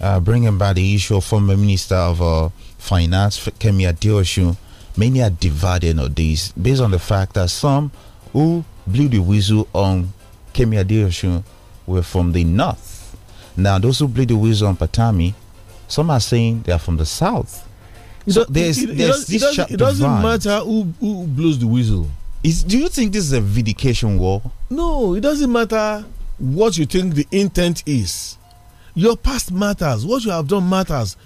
uh, bringing back the issue of former Minister of uh, Finance, Kemi Adeosun. Many are divided on this based on the fact that some who blew the whistle on Kemi Adeosun were from the north. Now, those who blew the whistle on Patami, some are saying they are from the south. So there's, it, it, there's it, does, it doesn't divide. matter who, who blows the whistle. Is, do you think this is a vindication war? No, it doesn't matter what you think the intent is. Your past matters. What you have done matters.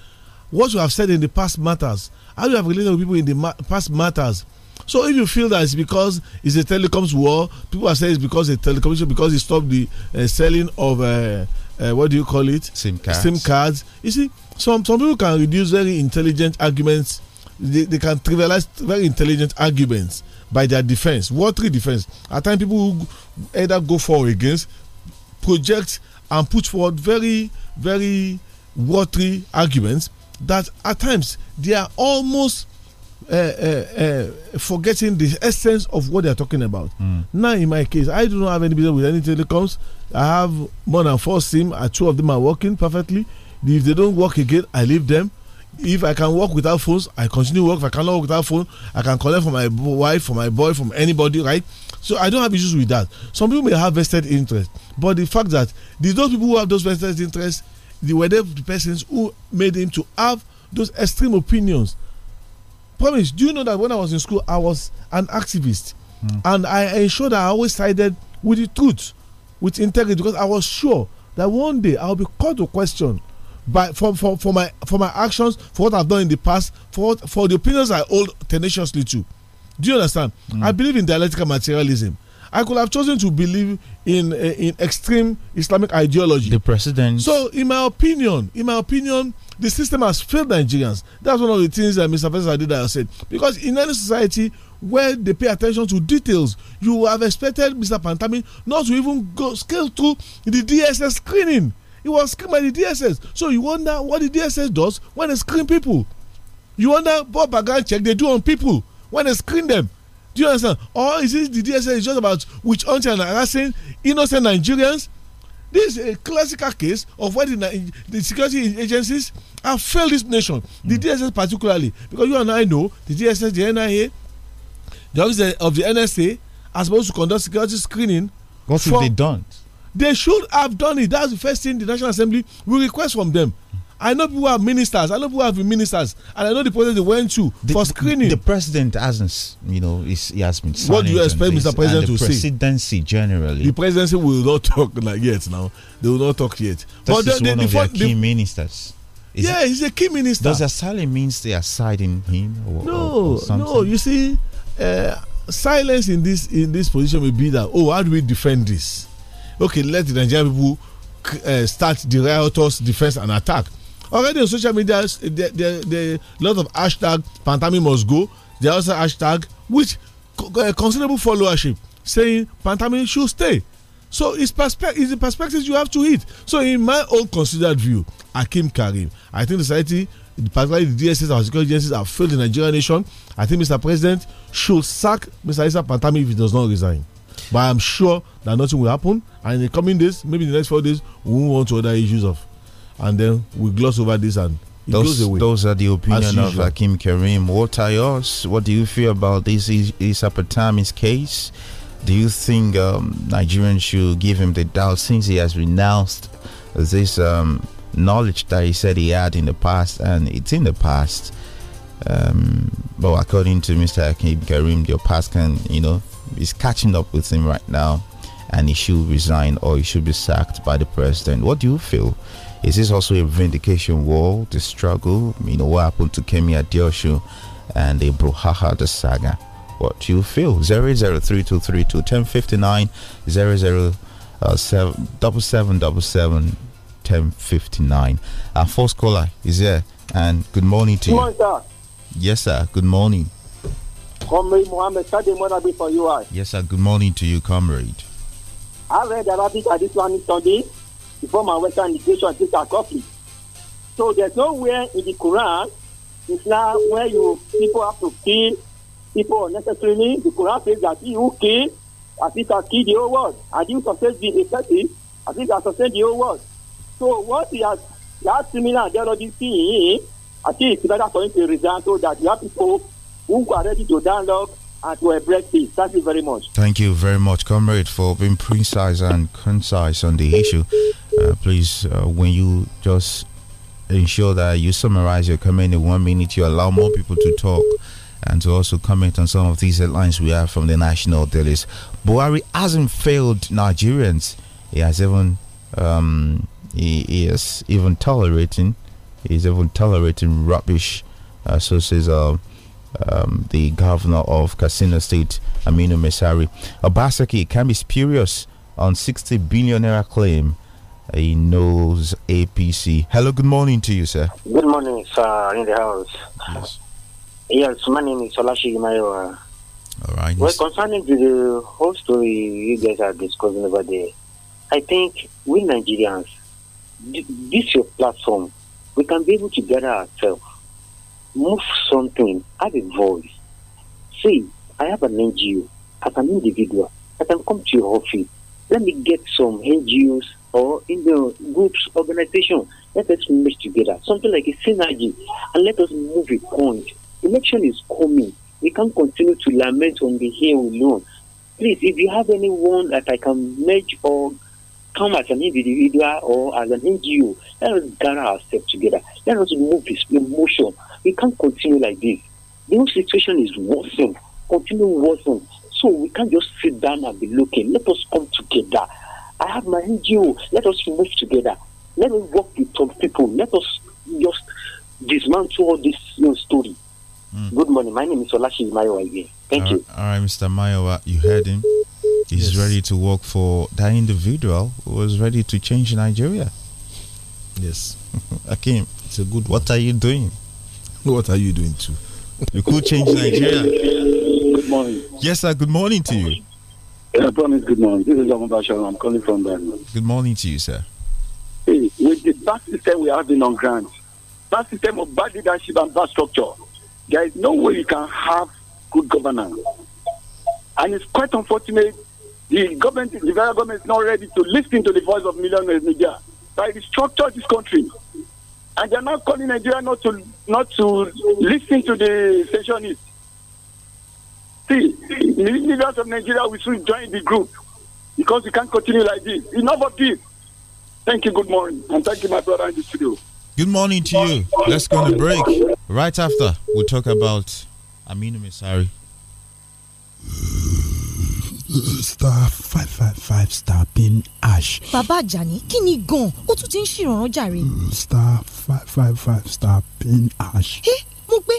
What you have said in the past matters. How you have related with people in the ma past matters. So if you feel that it's because it's a telecoms war, people are saying it's because it's telecoms because it stopped the uh, selling of uh, uh, what do you call it? SIM cards. SIM cards. You see, some some people can reduce very intelligent arguments. They, they can trivialize very intelligent arguments by their defense, watery defense. At times, people who either go for or against project and put forward very, very watery arguments that at times they are almost uh, uh, uh, forgetting the essence of what they are talking about. Mm. Now, in my case, I do not have any business with any telecoms. I have more than four SIM, two of them are working perfectly. If they don't work again, I leave them. If I can work without phones, I continue work. If I cannot work without phone, I can collect for my wife, for my boy, from anybody, right? So I don't have issues with that. Some people may have vested interest, but the fact that did those people who have those vested interests, they were the persons who made him to have those extreme opinions. Promise, do you know that when I was in school, I was an activist, mm. and I ensured that I always sided with the truth, with integrity, because I was sure that one day I'll be called to question by for, for, for my for my actions, for what I've done in the past, for for the opinions I hold tenaciously to. Do you understand? Mm. I believe in dialectical materialism. I could have chosen to believe in uh, in extreme Islamic ideology. The president. So, in my opinion, in my opinion, the system has failed Nigerians. That's one of the things that Mr. President did. I said because in any society where they pay attention to details, you have expected Mr. Pantami not to even go scale through the DSS screening. He was screened by the DSS, so you wonder what the DSS does when they screen people. You wonder what background check they do on people when they screen them. Do you understand? Or is it the DSA is just about witch hunting and harassing innocent Nigerians? This is a classical case of why the, the security agencies have failed this nation, the hmm. DSS particularly, because you and I know the DSS, the NIA, the office of the NSA are supposed to conduct security screening. What if they don't? They should have done it. That's the first thing the National Assembly will request from them I know people are ministers. I know people have been ministers, and I know the process they went to the, for screening. The president hasn't, you know, he has been. What do you expect, Mr. President, to say? Presidency generally. The presidency will not talk like yet. Now they will not talk yet. This but is the, one the, of their key ministers. Is yeah, it, he's a key minister. Does that silence means they are siding him? Or, no, or no. You see, uh, silence in this in this position will be that. Oh, how do we defend this? Okay, let the Nigerian people uh, start the riotous defense and attack Already on social media, there, there, there a lot of hashtag Pantami must go. There also hashtag which uh, considerable followership saying Pantami should stay. So it's, perspe it's the perspectives you have to hit. So in my own considered view, Akim Karim, I think the society, particularly the DSS and security agencies have failed the Nigerian nation. I think Mr. President should sack Mr. Isa Pantami if he does not resign. But I'm sure that nothing will happen. And in the coming days, maybe the next four days, we won't want to other issues of and then we gloss over this and it those, goes away. Those are the opinion of Hakim Karim. What are yours? What do you feel about this Issa Patami's case? Do you think um, Nigerians should give him the doubt since he has renounced this um, knowledge that he said he had in the past and it's in the past? Um, but according to Mr. Hakim Karim, your past can, you know, is catching up with him right now and he should resign or he should be sacked by the president. What do you feel? Is this also a vindication war, the struggle? You know, what happened to Kemi Adeosho and the Bruhaha, the saga? What do you feel? 003232 1059 uh, 00777 1059. Our first caller is here, and good morning to good you. Morning, sir. Yes, sir. Good morning. Comrade Mohammed Sademonabi for you. Yes, sir. Good morning to you, comrade. I read Arabic at Islamic studies reform and western integration this things are conflict so there's nowhere in the quran now where you people have to kill people unnecessarily the quran says that he who kill as he can kill the whole world and he who the effective as he can sustain the whole world so what he has that similar ideology see i think it's better for him to resign so that you have people who are ready to download and to embrace peace. Thank you very much. Thank you very much, comrade, for being precise and concise on the issue. Uh, please, uh, when you just ensure that you summarize your comment in one minute, you allow more people to talk and to also comment on some of these headlines we have from the national dailies. Buhari hasn't failed Nigerians. He has even um, he, is even tolerating. He's even tolerating rubbish. Uh, so says uh, um, the governor of Casino State, Aminu Mesari. Obaseki can be spurious on 60 billion naira claim he knows APC. Hello, good morning to you, sir. Good morning, sir, in the house. Yes. Yes, my name is Olashi Mayowa. All right. Well, concerning to the whole story you guys are discussing over there, I think we Nigerians, this your platform, we can be able to gather ourselves, move something, have a voice. See, I have an NGO. As an individual, I can come to your office. Let me get some NGOs or in the groups, organization. Let us merge together, something like a synergy, and let us move it on. Election is coming. We can't continue to lament on the here alone. Please, if you have anyone that I can merge or come as an individual or as an NGO, let us gather ourselves together. Let us move this emotion. We can't continue like this. The whole situation is worsening, continue worsening. So we can't just sit down and be looking. Let us come together I have my NGO. Let us move together. Let us work with some people. Let us just dismantle all this you know, story. Mm. Good morning. My name is Olashi Mayowa again. Thank all you. Right, all right, Mr. Mayowa, you heard him. He's yes. ready to work for that individual who was ready to change Nigeria. Yes. Akim, it's a good What one. are you doing? What are you doing too? You could change Nigeria. Good morning. Yes, sir. Good morning to you promise. Good morning. This is Dr. Bashar. I'm calling from Berlin. Good morning to you, sir. Hey, with the bad system we are having on ground, bad system of bad leadership and bad structure, there is no way you can have good governance. And it's quite unfortunate the government, the federal government is not ready to listen to the voice of millions in Nigeria. By the structure of this country. And they're not calling Nigeria not to not to listen to the secessionists. See, the leaders of Nigeria will soon join the group because we can't continue like this. Enough of this. Thank you. Good morning. And thank you, my brother in the studio. Good morning to you. Let's go on a break. Right after, we'll talk about Aminu Misari. star five five five star pin ash. bàbá àjàní kí ni gan ó tún ti ń star five five five star pin ash. ẹ eh, mo gbé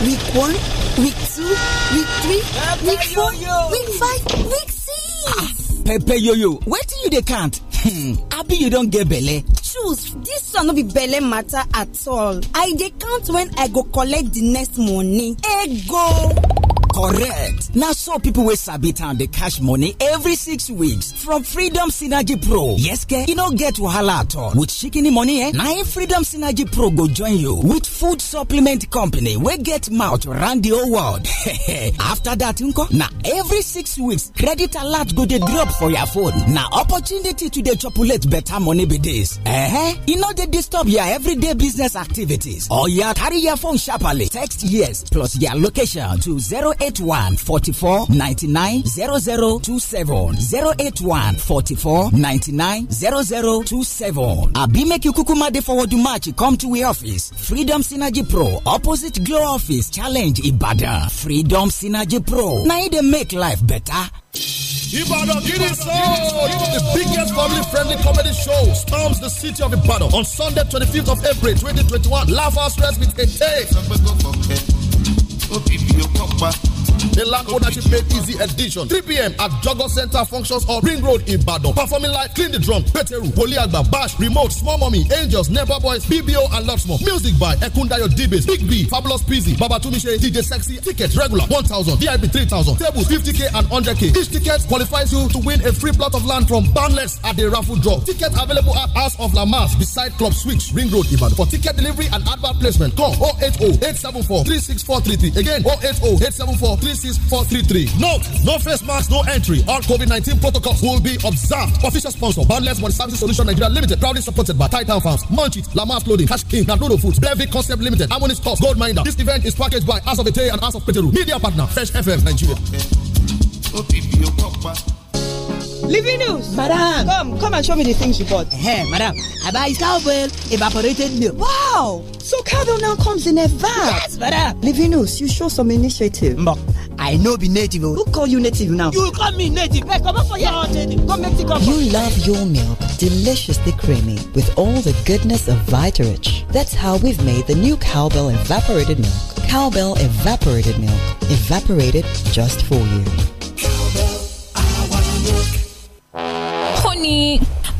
week one week two week three week four week five week six. Pepe yoyo wetin you dey count hmm, abi you don get belle. choose this one no be belle matter at all i dey count when i go collect the next money. ego correct na so people wey sabi town dey cash money every six weeks from freedom synergy pro yes ke You no get wahala at all with shikini money eh na im freedom synergy pro go join you with food supplement company wey get mouth round the whole world after that nko na every six weeks credit alert go dey drop for your phone na opportunity to dey chopulate better money be dis eh You e no dey disturb your everyday business activities or your carry your phone sharply. text yes plus your location to zero eight one forty four ninety nine zero zero two seven zero eight one forty four ninety nine zero zero two seven. Abi make you kukuma dey forward match. come to we office Freedom Synergy Pro opposite Glow Office Challenge Ibadan. Freedom Synergy Pro na e dey make life better. Ibadan Kini Show, The biggest family-friendly comedy show storms the city of Ibadan on Sunday 25th of April 2021. Laugh our stress with a tape. obibi okpọkpa The Lakota Made Easy Edition. 3 p.m. at Jogger Center Functions on Ring Road, in Badon. Performing like Clean the Drum, Peteru, Poliagba, Bash, Remote, Small Mommy, Angels, Never Boys, BBO, and lots more. Music by Ekundayo Dibes, Big B, Fabulous Peasy, Babatumishe, DJ Sexy. Tickets regular 1000, VIP 3000, tables 50k and 100k. Each ticket qualifies you to win a free plot of land from Boundless at the raffle draw. Tickets available at House of La Masse beside Club Switch, Ring Road, Ibadan. For ticket delivery and advert placement, call 080 874 36433. Again, 080 874 36433. Note, no face masks, no entry. All COVID-19 protocols will be observed. Official sponsor, Boundless Money Services Solution Nigeria Limited. Proudly supported by Titan Farms, Munchit, Lamar Clothing, Cash King, Naruto Foods, Brevi Concept Limited, Harmony Stocks, Gold Miner. This event is packaged by House of Ete and House of Peteru. Media partner, Fresh FM Nigeria. Livinus! Madam! Come, come and show me the things you bought. Hey, madam, I buy cowbell, evaporated milk. Wow! So cowbell now comes in a van. Yes, madam! Livinus, you show some initiative. Mbok, I know be native. Oh. Who call you native now? You call me native. Hey, come up for your native. Come make the come. You love your milk deliciously creamy with all the goodness of Vitarich. That's how we've made the new cowbell evaporated milk. Cowbell evaporated milk. Evaporated just for you. Cowbell, I want milk. Honey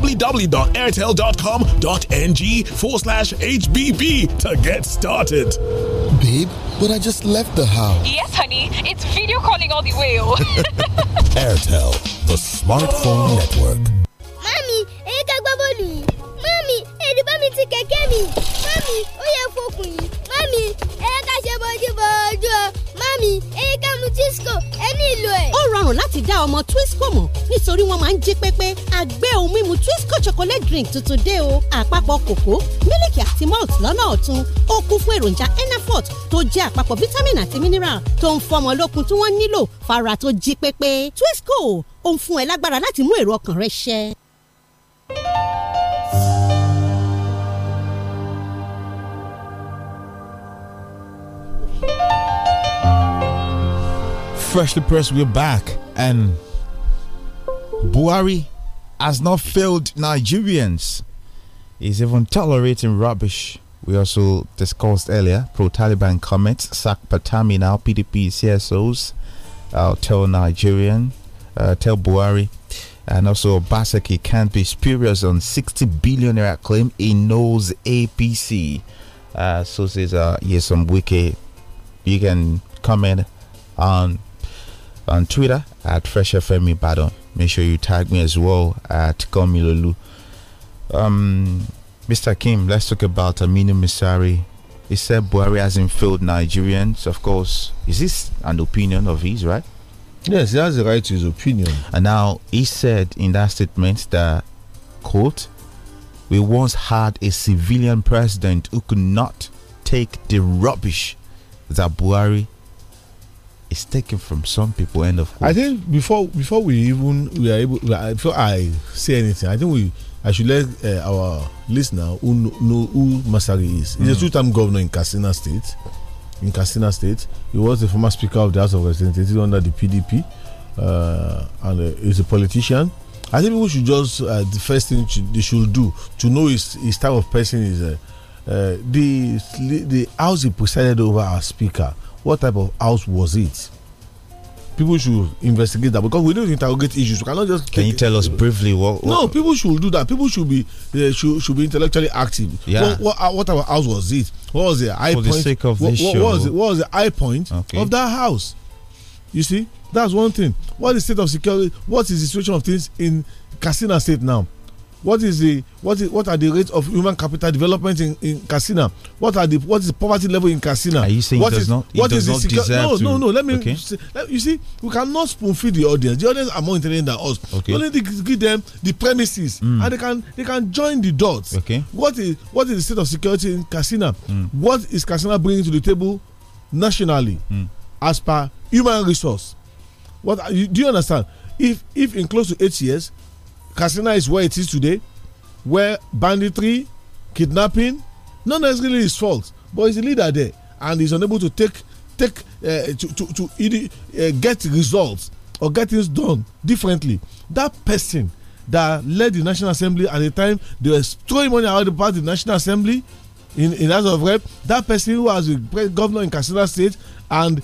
www.airtel.com.ng forward slash HBB to get started. Babe, but I just left the house. Yes, honey. It's video calling all the way. Oh. Airtel, the smartphone network. Mommy, hey, ti kẹ̀kẹ́ mi mọ́mí ó yẹ fokùn yìí mọ́mí ẹ̀yẹ ká ṣe bójúbójú o mọ́mí ẹ̀yẹ ká mu Twisco ẹ nílò ẹ̀. ó rọrùn láti dá ọmọ Twisco mọ̀ nítorí wọ́n máa ń jí pépé àgbẹ̀ ohun mímu Twisco chocolate drink tuntun dé o àpapọ̀ kòkó mílìkì àti malt lọ́nà ọ̀tun ó kún fún èròjà enafort tó jẹ́ àpapọ̀ vitamin àti mineral tó ń fọmọ lókun tí wọ́n nílò fara tó jí pépé Twisco ó ń fún ẹ lágbára láti mú èrò ọkàn rẹ ṣẹ. freshly pressed, we're back. And Buhari has not failed Nigerians. He's even tolerating rubbish. We also discussed earlier pro Taliban comments, sack Patami now, PDP CSOs, I'll uh, tell Nigerian, uh, tell Buhari. And also, Basaki can't be spurious on 60 billionaire claim he knows APC. Uh, so says uh, yes, i wiki. You can comment on on Twitter at Fresh FM Ibadan. Make sure you tag me as well at Komilolu. Um, Mr. Kim, let's talk about Aminu Misari. He said Buhari hasn't failed Nigerians. Of course, is this an opinion of his, right? Yes, he has the right to his opinion. And now he said in that statement that, quote, we once had a civilian president who could not take the rubbish that Buhari is taken from some people. End of. I think before before we even we are able before I say anything, I think we I should let uh, our listener who know who Masari is. He's mm. a hmm. two-time governor in Katsina State. In Katsina State, he was the former Speaker of the House of Representatives under the PDP, uh, and uh, he's a politician. I think we should just uh, the first thing they should do to know his, his type of person is uh, uh, the the house he presided over our speaker what type of house was it? People should investigate that because we don't interrogate issues. We cannot just. Can you tell us briefly what, what? No, people should do that. People should be uh, should, should be intellectually active. Yeah. What, what, uh, what type of house was it? What was the high For point? For the sake of what, this what, show. What was, it? what was the high point okay. of that house? You see, that's one thing. What is the state of security? What is the situation of things in Casino State now? what is the what is what are the rates of human capital development in in Katsina? What are the what is the poverty level in Katsina? Are you saying what it does is, not? It what does is not deserve no, to, no, no. Let me. Okay. Say, let, you see, we cannot spoon feed the audience. The audience are more intelligent than us. Okay. We only give them the premises, mm. and they can they can join the dots. Okay. What is what is the state of security in Katsina? Mm. What is Katsina bringing to the table nationally, mm. as per human resource? What are, do you understand? If if in close to eight years Kasina is where it is today, where banditry, kidnapping, not necessarily his fault, but he's a leader there, and he's unable to take take uh, to to, to uh, get results or get things done differently. That person that led the National Assembly at the time they were throwing money out about the National Assembly in in House of Rep. That person who was the governor in Kasina State and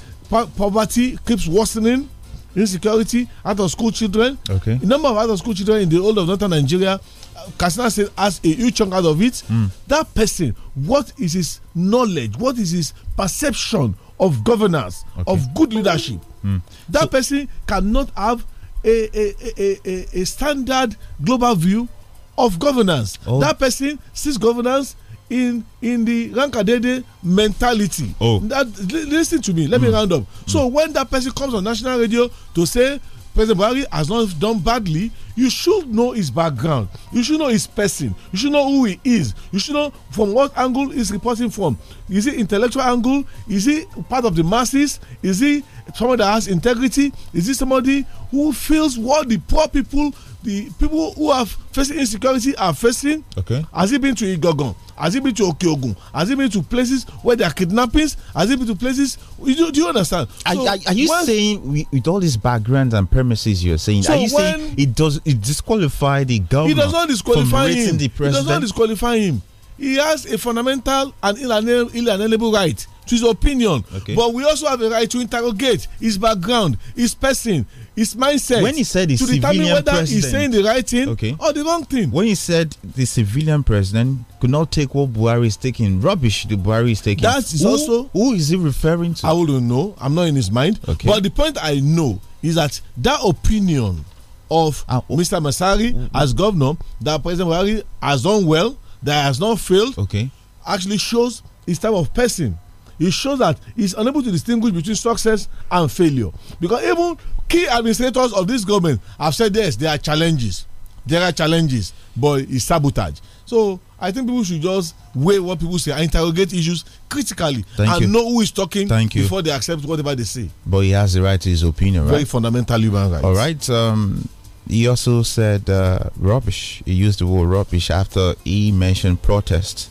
poverty keeps worsening insecurity, out of school children. Okay. The number of out of school children in the whole of northern Nigeria, uh, Kasina said has a huge chunk out of it. Mm. That person, what is his knowledge? What is his perception of governance, okay. of good leadership? Mm. That so, person cannot have a, a, a, a, a standard global view of governance. Oh. That person sees governance in in the rankadede mentality. Oh, that listen to me. Let mm. me hmm. round up. So hmm. when that person comes on national radio to say President Buhari has not done badly, you should know his background. You should know his person. You should know who he is. You should know from what angle he's reporting from. Is he intellectual angle? Is he part of the masses? Is he someone that has integrity? Is he somebody who feels what the poor people the people who are facing insecurity are facing. Okay. Has it been to Igogon? Has it been to Okeogun? Has it been to places where there are kidnappings? Has it been to places? You, do, do you understand? Are, so are, are you when, saying with all these backgrounds and premises you're saying? So are you when, saying it does it disqualify the government? He does not disqualify him. The president? It does not disqualify him. He has a fundamental and inalienable right to his opinion. Okay. But we also have a right to interrogate his background, his person, his mindset. When he said the to determine whether president, he's saying the right thing okay. or the wrong thing. When he said the civilian president could not take what Buhari is taking, rubbish the Buhari is taking. That is who, also who is he referring to? I wouldn't know. I'm not in his mind. Okay. But the point I know is that that opinion of uh, Mr. Masari mm-hmm. as governor that President Buhari has done well, that has not failed, okay. actually shows his type of person it shows that he's unable to distinguish between success and failure. Because even key administrators of this government have said yes, there are challenges. There are challenges, but it's sabotage. So I think people should just weigh what people say and interrogate issues critically Thank and you. know who is talking Thank you. before they accept whatever they say. But he has the right to his opinion, right? Very fundamental human rights. All right. Um, he also said uh, rubbish. He used the word rubbish after he mentioned protests.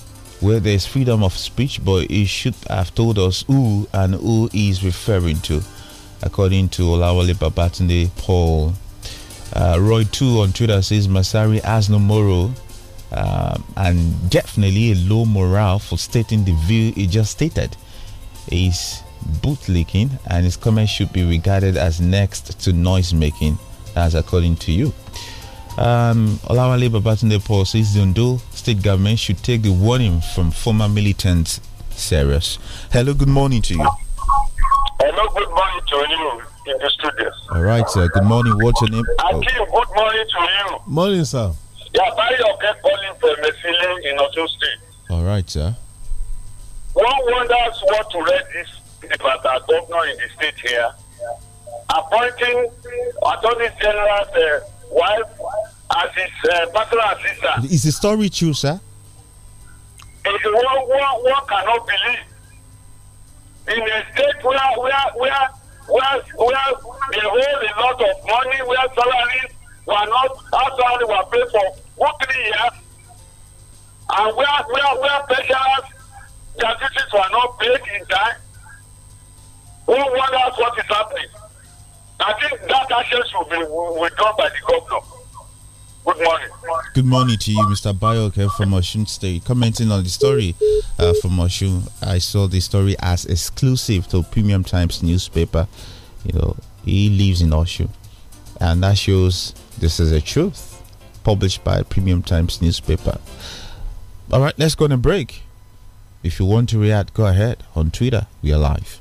Well, there's freedom of speech, but he should have told us who and who he's referring to, according to Olawale Babatunde Paul. Uh, Roy 2 on Twitter says Masari has no moral uh, and definitely a low morale for stating the view he just stated. He's bootlicking and his comment should be regarded as next to noise making, as according to you. Um, our labour Paul says the Ondo state government should take the warning from former militants serious. Hello, good morning to you. Hello, good morning to you in the studio. All right, sir. Good morning. What's your name? oh. good morning to you. Morning, sir. Yeah, Barry okay. calling from Mefile in Osun State. All right, sir. One wonders what to read this about that governor in the state here. Appointing attorney general uh, wife as his uh, partner and sister. Is the story true, sir? It's one, one, one cannot believe. In a state where, where, where, where, where they hold a lot of money, where salaries were not, our salary were paid for one, three years, and where, where, where pensioners, their duties were not paid in time, who wonders what is happening? I think that action will be done by the governor. Good morning. Good morning to you, Mr. Bayoke from Oshun State. Commenting on the story uh, from Oshun, I saw the story as exclusive to Premium Times newspaper. You know, he lives in Oshun, and that shows this is a truth published by Premium Times newspaper. All right, let's go on a break. If you want to react, go ahead on Twitter. We are live.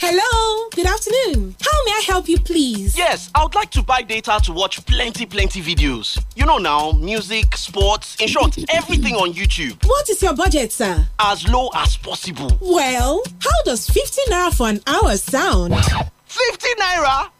Hello. Good afternoon. How may I help you, please? Yes, I would like to buy data to watch plenty, plenty videos. You know now, music, sports, in short, everything on YouTube. What is your budget, sir? As low as possible. Well, how does 50 naira for an hour sound? 50 naira?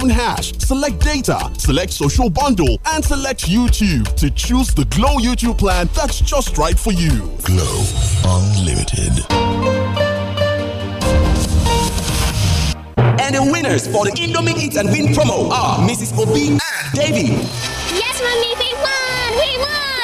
7 hash, select data, select social bundle, and select YouTube to choose the Glow YouTube plan that's just right for you. Glow Unlimited. And the winners for the Indomie Eat and Win promo are Mrs. Obi and Davy. Yes, mommy, we won! We won!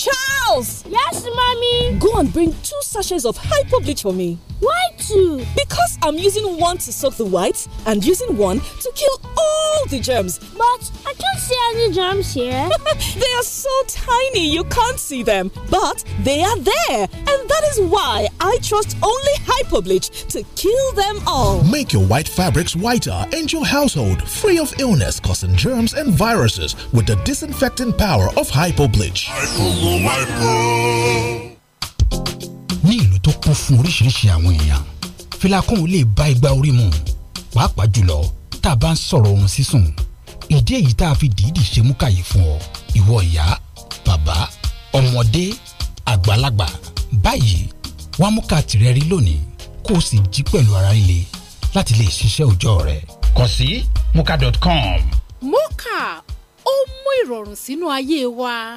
Charles! Yes, mommy? Go and bring two sachets of hypo bleach for me. Why two? Because I'm using one to soak the whites and using one to kill all healthy germs. But I don't see any germs here. they are so tiny you can't see them, but they are there. And that is why I trust only Hypobleach to kill them all. Make your white fabrics whiter and your household free of illness causing germs and viruses with the disinfecting power of Hypobleach. Hypo, ní ìlú tó kún fún oríṣiríṣi àwọn èèyàn ò lè bá igba orí mu pàápàá jùlọ tá a bá ń sọ̀rọ̀ oorun sísùn ìdí èyí tá a fi dìídì ṣe mú kàyé fún ọ ìwọ ìyá bàbá ọmọdé àgbàlagbà báyìí wàá mú ká tìrẹ rí lónìí kó o sì jí pẹ̀lú ara líle láti lè ṣiṣẹ́ òòjọ́ rẹ. kàn sí muka.com. moka ó mú ìrọ̀rùn sínú ayé wa.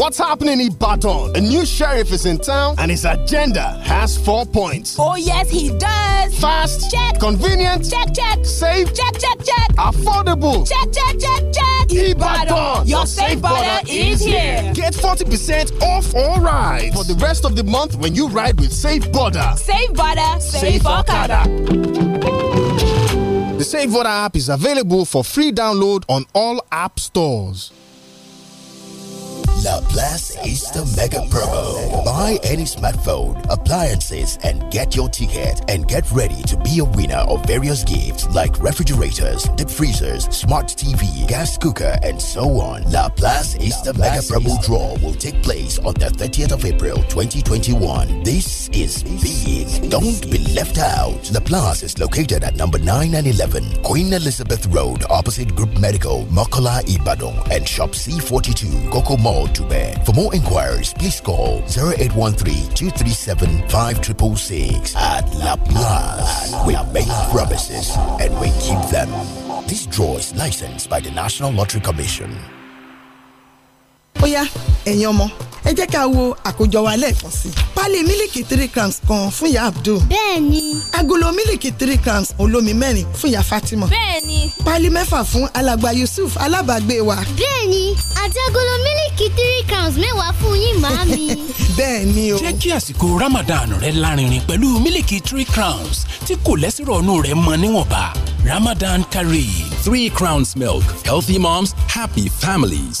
What's happening in Baton? A new sheriff is in town and his agenda has four points. Oh, yes, he does. Fast. Check. Convenient. Check, check. Safe. Check, check, check. Affordable. Check, check, check, check. Ibadan, your safe border is here. Get 40% off all rides for the rest of the month when you ride with Safe Border. Safe Border, Safe, safe Okada. The Safe Border app is available for free download on all app stores. La Place is the mega promo. Buy any smartphone, appliances, and get your ticket and get ready to be a winner of various gifts like refrigerators, deep freezers, smart TV, gas cooker, and so on. La Place is the mega promo draw will take place on the 30th of April 2021. This is big. Don't be left out. La Place is located at number 9 and 11 Queen Elizabeth Road, opposite Group Medical, Mokola Ibadan, and Shop C42, Coco Mall Dube. For more inquiries, please call 0813-237-5666 at La Paz. We make promises and we keep them. This draw is licensed by the National Lottery Commission. Oya yá ẹ̀yin ọmọ ẹ jẹ́ ká wo àkójọ wa lẹ́ẹ̀kan sí. pálí mílìkì three crowns kan fún ìyá abdul. bẹ́ẹ̀ni. agolo mílìkì three crowns olómi mẹ́rin fún ìyá fatima. bẹ́ẹ̀ni. pálí mẹ́fà fún alàgbà yusuf alábàgbé wa. bẹ́ẹ̀ni àti agolo mílìkì bisikì three crowns mẹ́wàá fún yín màámi. bẹ́ẹ̀ ni o. jẹ́ kí àsìkò Ramadan rẹ lárinrin pẹ̀lú mílìkì three crowns tí kò lẹ́sìrò ọ̀nù rẹ̀ mọ níwọ̀nba Ramadan Kareem three crowns milk healthy moms happy families.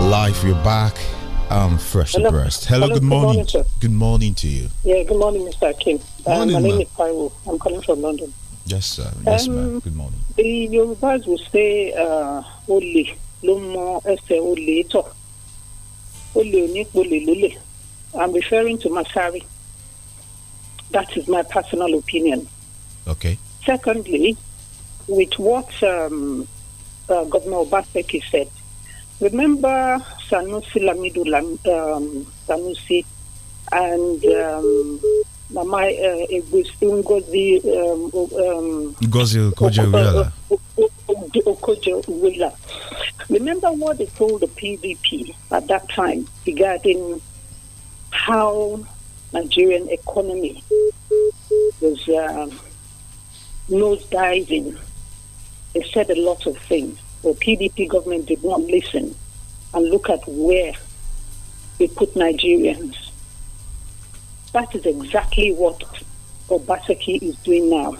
Life you're back. I'm um, fresh hello, abreast. Hello, hello, good morning. Good morning, good morning, to you. Yeah, good morning, Mr. Akim. Uh, morning, um, my name is Paiwo. I'm calling from London. Yes, sir. Yes, ma'am. Um, good morning. The Yorubas will say, uh, Ole, Lomo, Este, Ole, Eto. Ole, Onikole, Lole. I'm referring to Masari. That is my personal opinion. Okay. Secondly, with what um, uh, Governor Obaseki said, remember Sanusi Lamidu um, Sanusi and um, Mama uh, Ngozi um, um Ngozi Okoje Uwela. Remember what they told the PDP at that time regarding how Nigerian economy was um, nosediving. They said a lot of things, but PDP government did not listen and look at where they put Nigerians. That is exactly what Obaseki is doing now.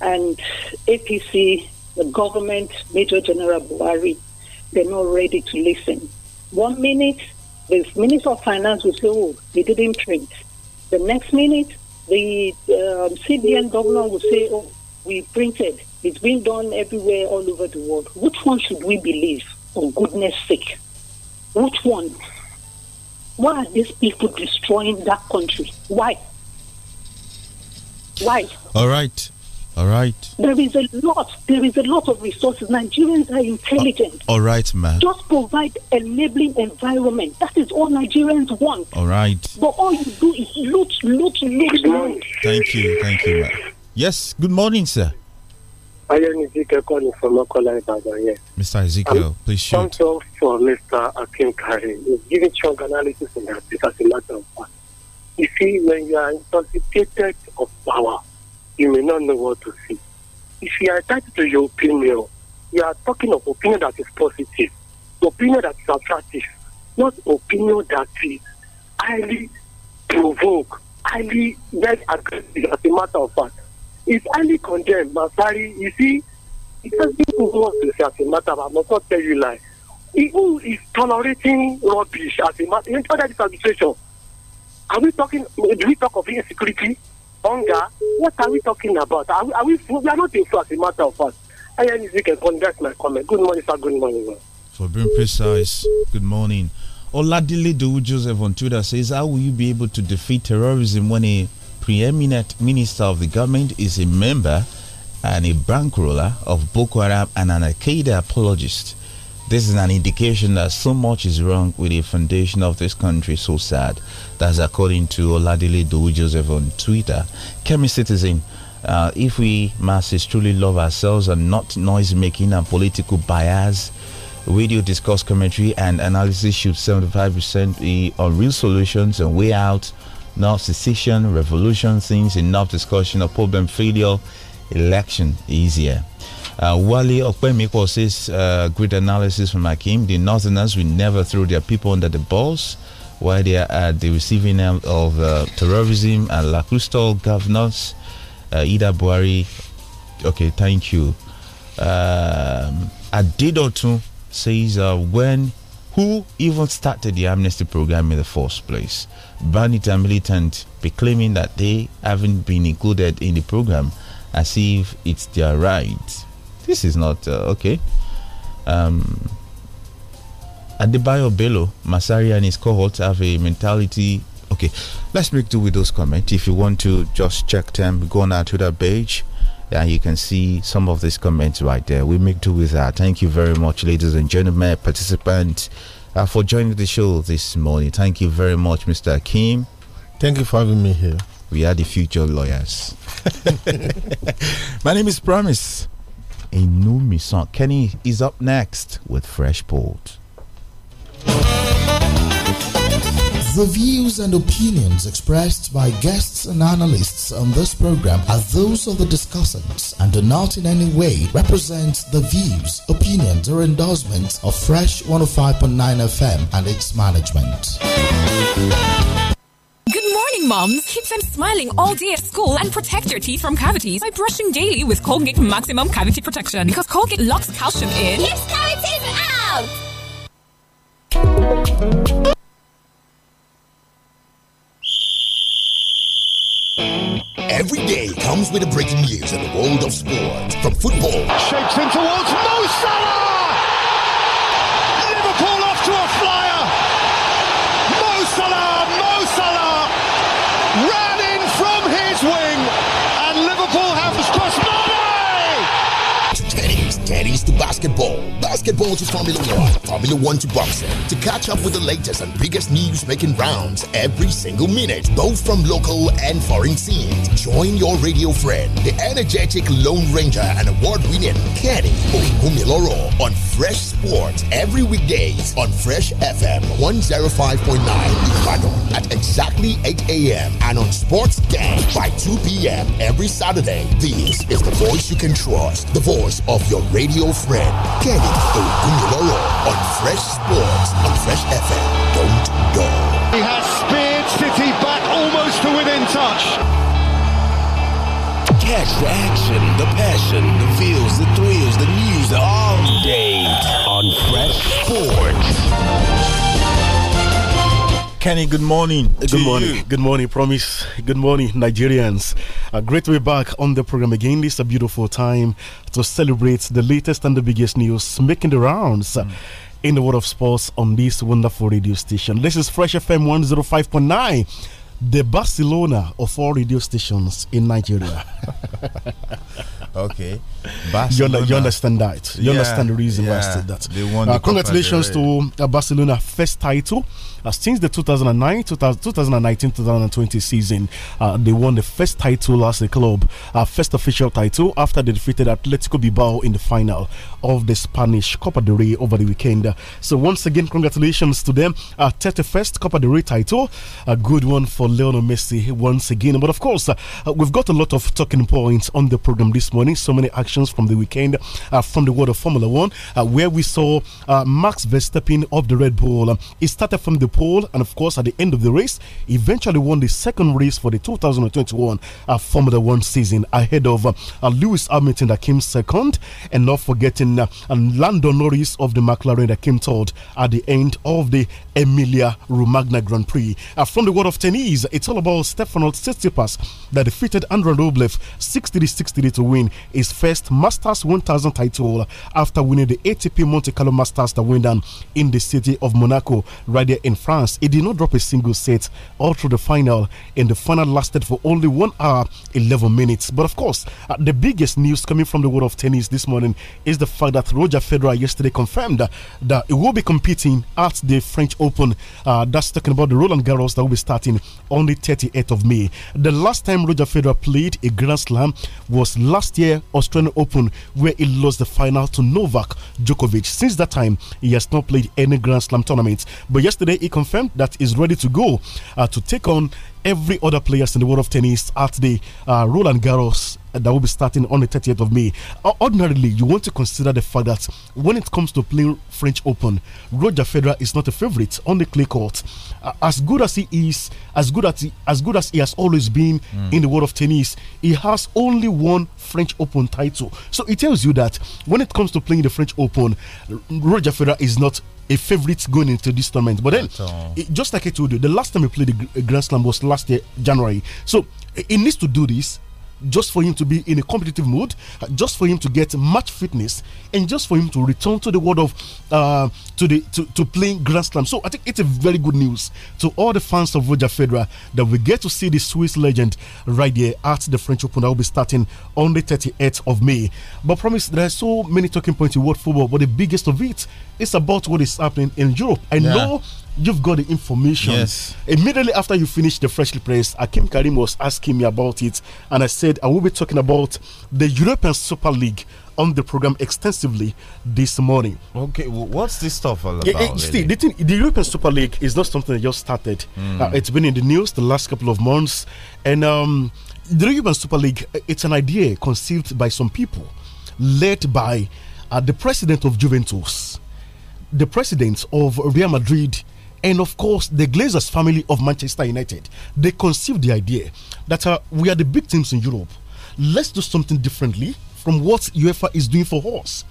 And APC, the government, Major General Buhari, they're not ready to listen. One minute the Minister of Finance will say, oh, they didn't print. The next minute, the um, CBN governor will say, oh, we printed. It's been done everywhere all over the world. Which one should we believe, for goodness sake? Which one? Why are these people destroying that country? Why? Why? All right. All right. There is a lot. There is a lot of resources. Nigerians are intelligent. all right, ma'am. Just provide enabling environment. That is all Nigerians want. All right. But all you do is loot, loot, loot, loot. Thank you, thank you, ma'am. Yes. Good morning, sir. I am Ezekiel calling from Okola Mr. Ezekiel, um, please shoot. Also for Mr. Akim Kari, he's giving strong analysis on that because a matter of fact. You see, when you are intoxicated of power, you may not know what to see. If you are attached to your opinion, you are talking of opinion that is positive, opinion that is attractive, not opinion that is highly provoke, highly very aggressive as a matter of fact. It's highly condemned, sorry, You see, because people who want to say as a matter of fact, I must not tell you lie. Even is tolerating rubbish as a matter, even under this administration. Are we talking, do we talk of insecurity? hunger. What are we talking about? Are we, are we, we are not in fact, a matter of fact. I am you can conduct my comment. Good morning, sir. Good morning. Sir. For being precise, good morning. Oladile Dewu Joseph on Twitter says, How will you be able to defeat terrorism when a preeminent minister of the government is a member and a bankroller of Boko Haram and an Al Qaeda apologist? This is an indication that so much is wrong with the foundation of this country. So sad. That's according to Oladile Dou Joseph on Twitter. Kemi Citizen, uh, if we masses truly love ourselves and not noise making and political bias, radio discourse commentary and analysis should 75% be on real solutions and way out, not secession, revolution things, enough discussion of problem failure, election easier. Uh, Wale Okwemiko says, uh, great analysis from Akim. The Northerners will never throw their people under the bus while they are at the receiving end of uh, terrorism and lacrustal governance. Uh, Ida Buari, okay, thank you. Um, two says, uh, when who even started the amnesty program in the first place? Banita and be claiming that they haven't been included in the program as if it's their right. This is not uh, okay. Um, Adebayo Bello, Masari, and his cohorts have a mentality. Okay, let's make do with those comments. If you want to just check them, go on our Twitter page. and you can see some of these comments right there. We make do with that. Thank you very much, ladies and gentlemen, participants, uh, for joining the show this morning. Thank you very much, Mr. Kim. Thank you for having me here. We are the future lawyers. My name is Promise. Inumi Song. Kenny is up next with Fresh Port. The views and opinions expressed by guests and analysts on this program are those of the discussants and do not in any way represent the views, opinions, or endorsements of Fresh 105.9 FM and its management. Good morning, moms. Keep them smiling all day at school and protect your teeth from cavities by brushing daily with Colgate Maximum Cavity Protection because Colgate locks calcium in. Yes, cavities Every day comes with a breaking news in the world of sport. From football, shapes in towards Mo Salah. Liverpool off to a flyer. Mo Salah, Mo Salah ran in from his wing, and Liverpool have crossed Mane. Tennis, tennis to basketball basketball to Formula One, Formula One to boxing, to catch up with the latest and biggest news making rounds every single minute, both from local and foreign scenes. Join your radio friend, the energetic Lone Ranger and award-winning Kenny Ogumiloro on Fresh Sports every weekday on Fresh FM 105.9 Ibadan at exactly 8 a.m. and on Sports Gang by 2 p.m. every Saturday. This is the voice you can trust, the voice of your radio friend, Kenneth Ogunloro on Fresh Sports on Fresh FM. Don't go. He has speared City back almost to within touch catch the action, the passion, the feels, the thrills, the news all day on Fresh Sports. Kenny, good morning. good morning. You. Good morning, promise. Good morning, Nigerians. A great way back on the program again. This is a beautiful time to celebrate the latest and the biggest news making the rounds. Mm in the world of sports on this wonderful radio station. This is Fresh FM 105.9 the Barcelona of all radio stations in Nigeria. okay. Barcelona. You, understand that. You yeah, understand the reason yeah, why I said that. Uh, congratulations to uh, Barcelona first title. Uh, since the 2009 2019 2020 season, uh, they won the first title as a club, uh, first official title after they defeated Atletico Bilbao in the final of the Spanish Copa del Rey over the weekend. so, once again, congratulations to them. 31st uh, Copa del Rey title, a good one for for Messi once again. But of course, uh, we've got a lot of talking points on the program this morning. So many actions from the weekend uh, from the world of Formula One, uh, where we saw uh, Max Verstappen of the Red Bull. Um, he started from the pole, and of course, at the end of the race, eventually won the second race for the 2021 uh, Formula One season ahead of Lewis Hamilton that came second, and not forgetting and Lando Norris of the McLaren that came third at the end of the Emilia Romagna Grand Prix. from the world of tennis, is it's all about Stefanos Tsitsipas that defeated Andrew Rublev 63-63 to win his first Masters 1000 title after winning the ATP Monte Carlo Masters that went down in the city of Monaco right there in France. He did not drop a single set all through the final and the final lasted for only 1 hour 11 minutes. But of course, uh, the biggest news coming from the world of tennis this morning is the fact that Roger Federer yesterday confirmed that he will be competing at the French Open. Uh, that's talking about the Roland Garros that will be starting only 38th of May. The last time Roger Federer played a Grand Slam was last year Australian Open, where he lost the final to Novak Djokovic. Since that time, he has not played any Grand Slam tournaments. But yesterday, he confirmed that he's ready to go uh, to take on every other players in the world of tennis at the uh, Roland Garros that will be starting on the 30th of May. Uh, ordinarily, you want to consider the fact that when it comes to playing French Open, Roger Federer is not a favorite on the clay court. Uh, as good as he is, as good as he, as good as he has always been mm. in the world of tennis, he has only one French Open title. So it tells you that when it comes to playing the French Open, Roger Federer is not a favorite going into this tournament. But then, it, just like I told you, the last time we played the Grand Slam was last year, January. So he needs to do this just for him to be in a competitive mood, just for him to get match fitness, and just for him to return to the world of uh, to the to, to playing Grand Slam. So I think it's a very good news to all the fans of Roger Federer that we get to see the Swiss legend right there at the French Open that will be starting on the 38th of May. But I promise there are so many talking points in world football, but the biggest of it is about what is happening in Europe. I yeah. know you've got the information. Yes. Immediately after you finished the freshly pressed, Akim Karim was asking me about it, and I said I will be talking about the European Super League on the program extensively this morning. Okay, well, what's this stuff all about? It, eh, it, see, the, thing, the, European Super League is not something that just started. Mm. Uh, it's been in the news the last couple of months, and um, the European Super League eh, it's an idea conceived by some people, led by uh, the president of Juventus, the president of Real Madrid and of course, the Glazers family of Manchester United, they conceived the idea that uh, we are the big teams in Europe. Let's do something differently from what UEFA is doing for us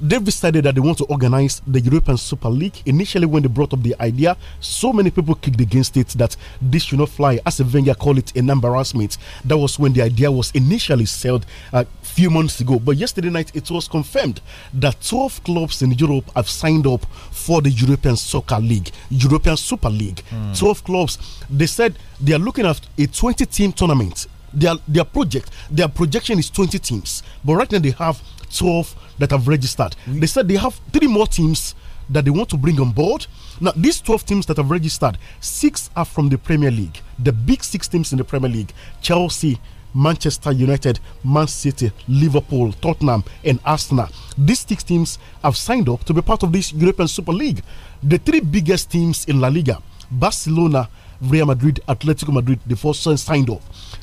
they've decided that they want to organize the European Super League. Initially, when they brought up the idea, so many people kicked against it that this should not fly. As a Wenger called it, an embarrassment. That was when the idea was initially sold a uh, few months ago. But yesterday night, it was confirmed that 12 clubs in Europe have signed up for the European Soccer League, European Super League. Mm. 12 clubs. They said they are looking at a 20 team tournament their their project their projection is 20 teams but right now they have 12 that have registered. We mm. they said they have three more teams that they want to bring on board. Now, these 12 teams that have registered, six are from the Premier League, the big six teams in the Premier League Chelsea, Manchester United, Man City, Liverpool, Tottenham, and Arsenal. These six teams have signed up to be part of this European Super League. The three biggest teams in La Liga, Barcelona, Real Madrid, Atletico Madrid, the four signed off.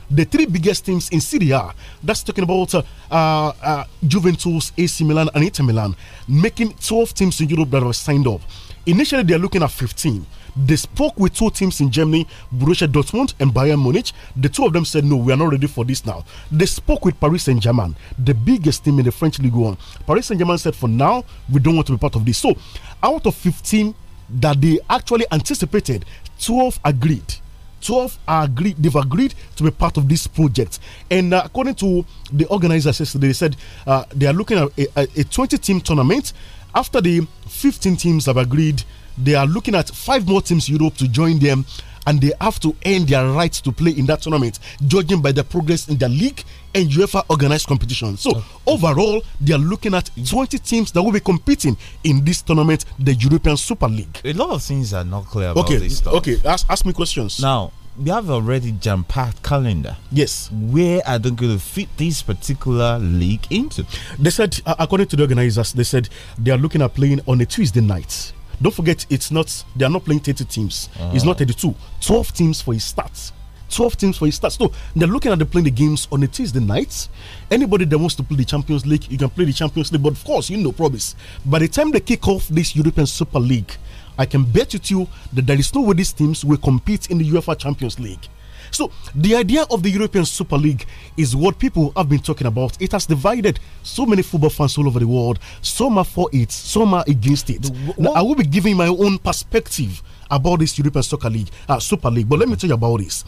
The three biggest teams in Syria. that's talking about uh, uh, uh Juventus, AC Milan, and Inter Milan, making 12 teams in Europe that were signed off. Initially, they're looking at 15. They spoke with two teams in Germany, Borussia Dortmund and Bayern Munich. The two of them said, No, we are not ready for this now. They spoke with Paris Saint Germain, the biggest team in the French League One. Paris Saint Germain said, For now, we don't want to be part of this. So, out of 15 that they actually anticipated 12 agreed. 12 are agreed, they've agreed to be part of this project. And uh, according to the organizers yesterday, they said uh, they are looking at a, a 20 team tournament. After the 15 teams have agreed, they are looking at five more teams Europe to join them and they have to earn their right to play in that tournament, judging by the progress in the league and UEFA organized competition. So okay. overall, they are looking at 20 teams that will be competing in this tournament, the European Super League. A lot of things are not clear about okay. this stuff. Okay, ask, ask me questions. Now, we have already jam-packed calendar. Yes. Where are they going to fit this particular league into? They said, according to the organizers, they said they are looking at playing on a Tuesday night don't forget, it's not they are not playing 30 teams. Uh -huh. It's not ah. 32. 12 teams for his starts. 12 teams for his starts. So they're looking at the playing the games on a Tuesday night. Anybody that wants to play the Champions League, you can play the Champions League. But of course, you know, promise. By the time they kick off this European Super League, I can bet you that there is no way these teams will compete in the UEFA Champions League. So the idea of the European Super League is what people have been talking about. It has divided so many football fans all over the world. Some are for it, some are against it. Now, I will be giving my own perspective about this European Soccer League, uh, Super League. But let me tell you about this.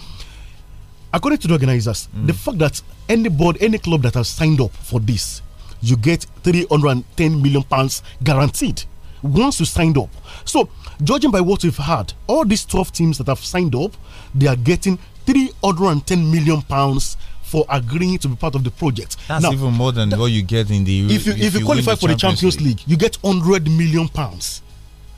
According to the organizers, mm. the fact that any board, any club that has signed up for this, you get 310 million pounds guaranteed once you signed up. So, judging by what we've had, all these 12 teams that have signed up, they are getting 310 million pounds for agreeing to be part of the project. That's now, even more than what you get in the. If you if, if you, you, qualify the for the Champions League. League, you get 100 million pounds.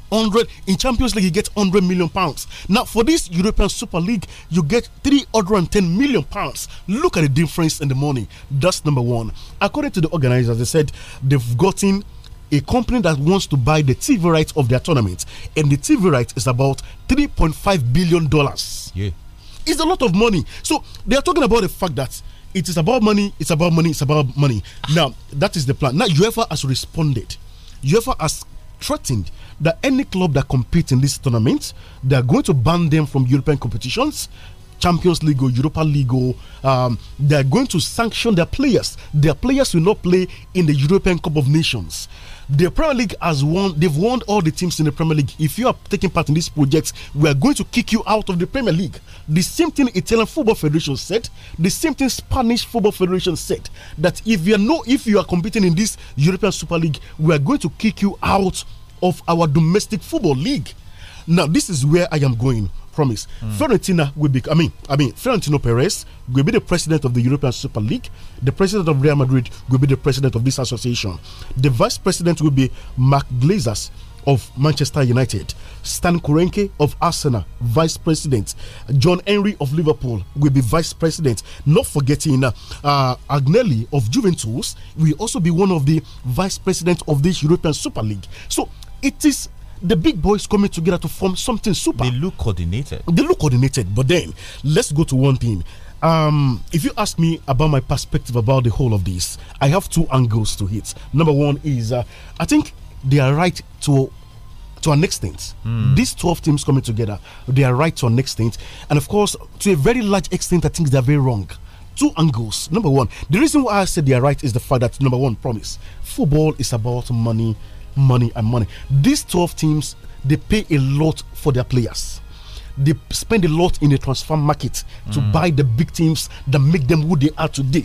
100 in Champions League, you get 100 million pounds. Now, for this European Super League, you get 310 million pounds. Look at the difference in the money. That's number one. According to the organizers, they said they've gotten a company that wants to buy the TV rights of their tournament, and the TV rights is about 3.5 billion dollars. Yeah. It's a lot of money. So they are talking about the fact that it is about money, it's about money, it's about money. Now, that is the plan. Now, UEFA has responded. UEFA has threatened that any club that competes in this tournament, they are going to ban them from European competitions. Champions League or Europa League, um, they are going to sanction their players. Their players will not play in the European Cup of Nations. The Premier League has won, they've won all the teams in the Premier League. If you are taking part in this project, we are going to kick you out of the Premier League. The same thing Italian Football Federation said, the same thing Spanish Football Federation said that if you are no, if you are competing in this European Super League, we are going to kick you out of our domestic football league. Now, this is where I am going promise. Mm. Fiorentina will be, I mean, I mean, Fiorentino Perez will be the president of the European Super League. The president of Real Madrid will be the president of this association. The vice president will be Mark Glazers of Manchester United, Stan Kroenke of Arsenal, Vice President, John Henry of Liverpool will be Vice President. Not forgetting uh, Agnelli of Juventus will also be one of the Vice presidents of this European Super League. So it is the big boys coming together to form something super. They look coordinated. They look coordinated. But then let's go to one thing. Um, if you ask me about my perspective about the whole of this, I have two angles to it. Number one is uh, I think they are right to to an extent. Mm. These 12 teams coming together, they are right to an extent. And of course, to a very large extent, I think they are very wrong. Two angles. Number one, the reason why I said they are right is the fact that number one, promise football is about money money, and money. These 12 teams, they pay a lot for their players they spend a lot in the transfer market to mm. buy the big teams that make them who they are today.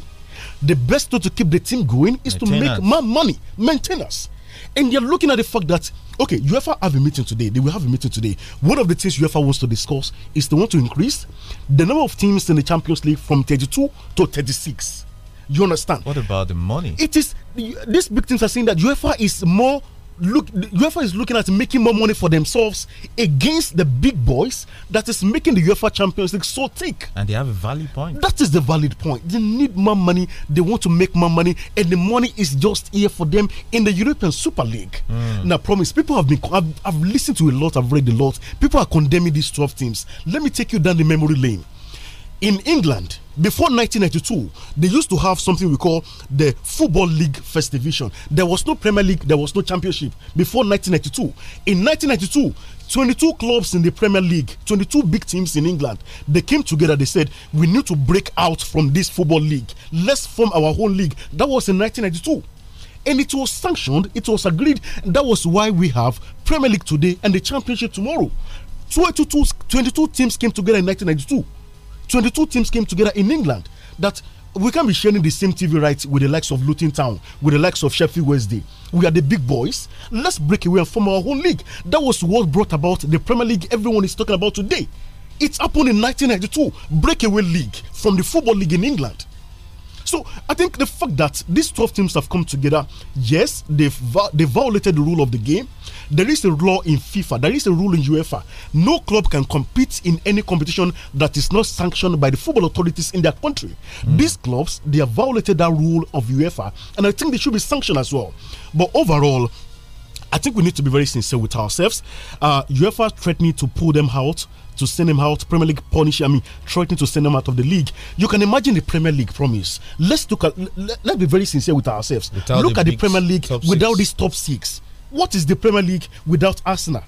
The best way to keep the team going is to make more money, maintenance. And they're looking at the fact that, okay, UEFA have a meeting today. They will have a meeting today. One of the things UEFA wants to discuss is they want to increase the number of teams in the Champions League from 32 to 36. You understand? What about the money? It is, these big teams are saying that UEFA is more look UEFA is looking at making more money for themselves against the big boys that is making the UEFA Champions League so thick. And they have a valid point. That is the valid point. They need more money, they want to make more money, and the money is just here for them in the European Super League. Mm. Now, promise, people have been I've, I've listened to a lot, I've read a lot. People are condemning these 12 teams. Let me take you down the memory lane in England, before 1992, they used to have something we call the Football League division There was no Premier League, there was no Championship before 1992. In 1992, 22 clubs in the Premier League, 22 big teams in England, they came together. They said, We need to break out from this Football League. Let's form our own league. That was in 1992 and it was sanctioned, it was agreed. That was why we have Premier League today and the Championship tomorrow. 22, 22 teams came together in 1992. 22 teams came together in England that we can be sharing the same TV rights with the likes of Luton Town, with the likes of Sheffield Wednesday. We are the big boys. Let's break away and form our own league. That was what brought about the Premier League everyone is talking about today. It happened in 1992, breakaway league from the Football League in England. So I think the fact that these 12 teams have come together, yes, they've, they violated the rule of the game. There is a law in FIFA, there is a rule in UEFA. No club can compete in any competition that is not sanctioned by the football authorities in their country. Mm. These clubs, they have violated that rule of UEFA, and I think they should be sanctioned as well. But overall, I think we need to be very sincere with ourselves. Uh, UEFA threatening to pull them out to send him out. Premier League punish, I mean, threatening to send him out of the league. You can imagine the Premier League promise. Let's look at, let, us be very sincere with ourselves. Without look at the Premier League without six. top six. What is the Premier League without Arsenal?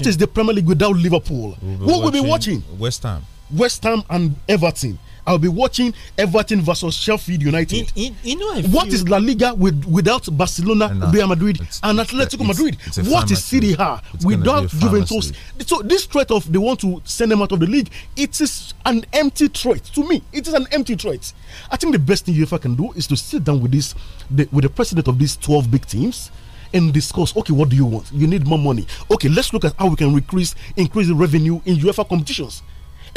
is the Premier League without Liverpool? Who will be watching? West Ham. West Ham and Everton. I'll be watching Everton versus Sheffield United. In, in, you know, what is La Liga with, without Barcelona, no, uh, Real Madrid, and Atletico Madrid? what is City? Ha, without Juventus? So this threat of they want to send them out of the league, it is an empty threat to me. It is an empty threat. I think the best thing UEFA can do is to sit down with this, the, with the president of these twelve big teams and discuss okay what do you want you need more money okay let's look at how we can increase increase the revenue in uefa competitions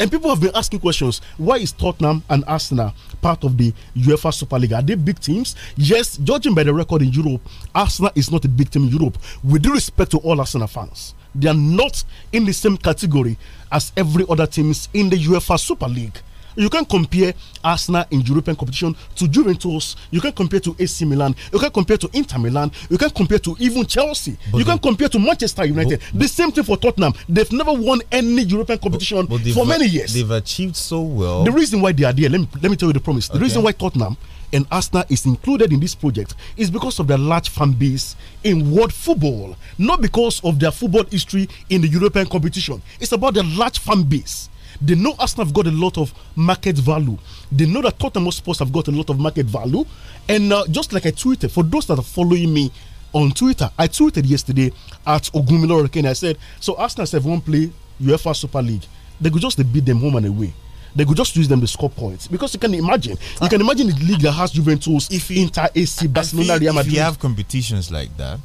and people have been asking questions. Why is Tottenham and Arsenal part of the UEFA Super League? Are they big teams? Yes, judging by the record in Europe, Arsenal is not a big team in Europe. With due respect to all Arsenal fans, they are not in the same category as every other teams in the UEFA Super League. You can compare Arsenal in European competition to Juventus. You can compare to AC Milan. You can compare to Inter Milan. You can compare to even Chelsea. But you can compare to Manchester United. But, but, the same thing for Tottenham. They've never won any European competition for many years. They've achieved so well. The reason why they are there, let me, let me tell you the promise. The okay. reason why Tottenham and Arsenal is included in this project is because of their large fan base in world football, not because of their football history in the European competition. It's about their large fan base they know Arsenal have got a lot of market value. They know that Tottenham Sports have got a lot of market value. And uh, just like I tweeted, for those that are following me on Twitter, I tweeted yesterday at Ogumilor Hurricane. I said, so Arsenal have will play UEFA Super League. They could just beat them home and away they could just use them to score points because you can imagine you can imagine the league that has Juventus, if you, Inter, AC, Barcelona, Real Madrid. If you have competitions like that,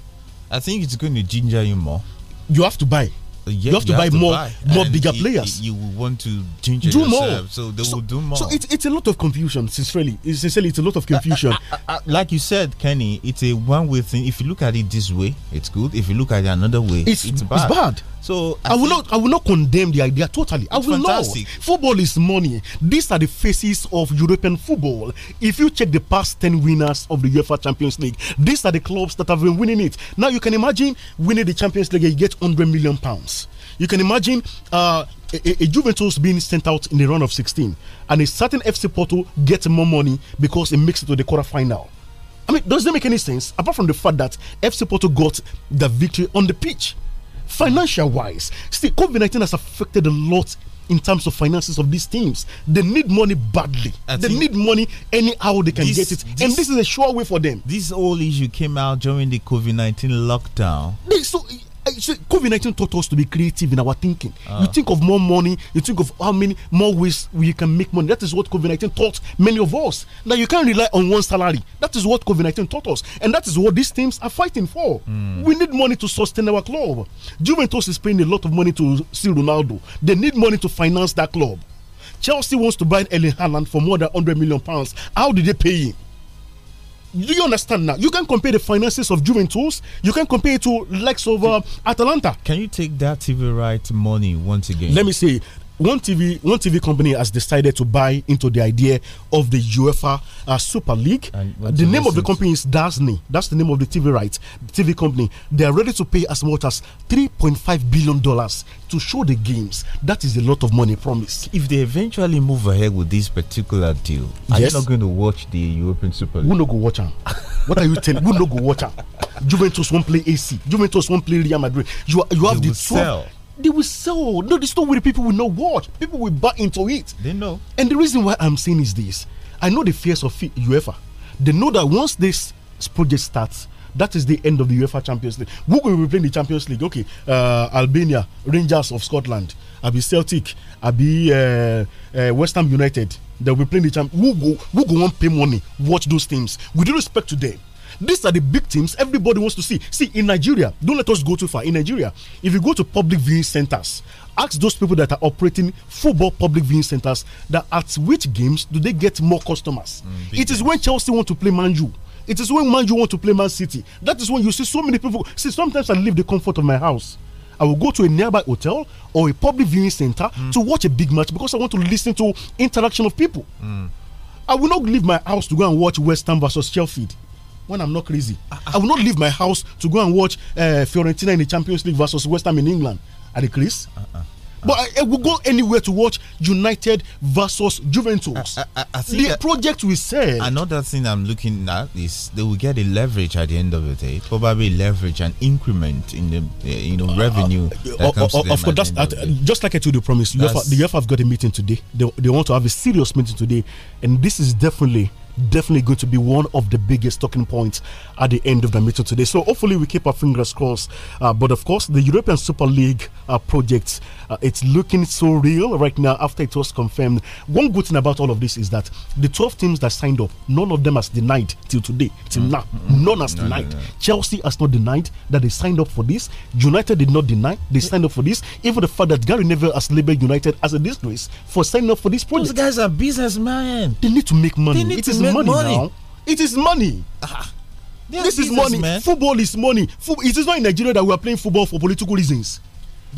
I think it's going to ginger you more. You have to buy yeah, you have to buy to more, buy. more and bigger you, players. You will want to change do yourself, more. So they so, will do more. So it's it's a lot of confusion. Sincerely, it's, sincerely, it's a lot of uh, uh, confusion. Uh, like you said, Kenny, it's a one-way thing. If you look at it this way, it's good. If you look at it another way, it's, it's bad. It's bad. So I, I will not I will not condemn the idea totally. I will fantastic. not. Football is money. These are the faces of European football. If you check the past 10 winners of the UEFA Champions League, these are the clubs that have been winning it. Now you can imagine winning the Champions League you get 100 million pounds. You can imagine uh, a, a, Juventus being sent out in the round of 16 and a certain FC Porto gets more money because it makes it to the quarterfinal. I mean, does that make any sense? Apart from the fact that FC Porto got the victory on the pitch financial wise. See, COVID 19 has affected a lot in terms of finances of these teams. They need money badly. they need money anyhow they can this, get it. This, and this is a sure way for them. This whole issue came out during the COVID 19 lockdown. They, so, Eh, so COVID 19 taught us to be creative in our thinking. Uh. You ah. think of more money, you think of how many more ways we can make money. That is what COVID 19 taught many of us. That you can't rely on one salary. That is what COVID 19 taught us. And that is what these teams are fighting for. Mm. We need money to sustain our club. Juventus is paying a lot of money to see Ronaldo, they need money to finance that club. Chelsea wants to buy Erling Haaland for more than 100 million pounds. How did they pay him? do you understand now? You can compare the finances of Juventus. You can compare it to likes of uh, Atalanta. Can you take that TV right money once again? Let me see one TV one TV company has decided to buy into the idea of the UEFA uh, Super League. The name of the company is Dasni. That's the name of the TV rights TV company. They are ready to pay as much as 3.5 billion dollars to show the games. That is a lot of money promised. If they eventually move ahead with this particular deal, yes. are you not going to watch the European Super League? Who no go watch them? what are you telling? Who no go watch them? Juventus won't play AC. Juventus won't play Real Madrid. You you have they the 12, they will sell. No, the story people will know watch. People will buy into it. They know. And the reason why I'm saying is this: I know the fears of UEFA. They know that once this project starts, that is the end of the UEFA Champions League. Who will be playing the Champions League? Okay, uh, Albania, Rangers of Scotland. I'll be Celtic. I'll be uh, uh, West Ham United. They'll be playing the champ. Who go? Who go? will pay money. Watch those teams. With respect to them these are the big teams everybody wants to see. See, in Nigeria, don't let us go too far. In Nigeria, if you go to public viewing centers, ask those people that are operating football public viewing centers that at which games do they get more customers? Mm, it is when Chelsea want to play Manju. It is when Manju want to play Man City. That is when you see so many people. See, sometimes I leave the comfort of my house. I will go to a nearby hotel or a public viewing center mm. to watch a big match because I want to listen to interaction of people. Mm. I will not leave my house to go and watch West Ham versus Sheffield when I'm not crazy. I, I will not leave my house to go and watch uh, Fiorentina in the Champions League versus West Ham in England at the Chris. Uh, uh, uh, but I, I, will go anywhere to watch United versus Juventus. the project we said. Another thing I'm looking at is they will get a leverage at the end of the day, probably leverage an increment in the eh, you know uh, uh, revenue. of course, just like I told you, promise. That's the UEFA have got a meeting today. They, they want to have a serious meeting today, and this is definitely definitely going to be one of the biggest talking points at the end of the meeting today. So hopefully we keep our fingers crossed. Uh, but of course, the European Super League uh, project, uh, it's looking so real right now after it was confirmed. One good thing about all of this is that the 12 teams that signed up, none of them has denied till today, till mm now. Mm. None has no, denied. No, no. Chelsea has not denied that they signed up for this. United did not deny they signed up for this. Even the fact that Gary Neville has labeled United as a disgrace for signing up for this project. Those guys are businessmen. They need to make money. They need it to make money, money. now. It is money. Ah. This is money. Man. Football is money. Football, it is not in Nigeria that we are playing football for political reasons.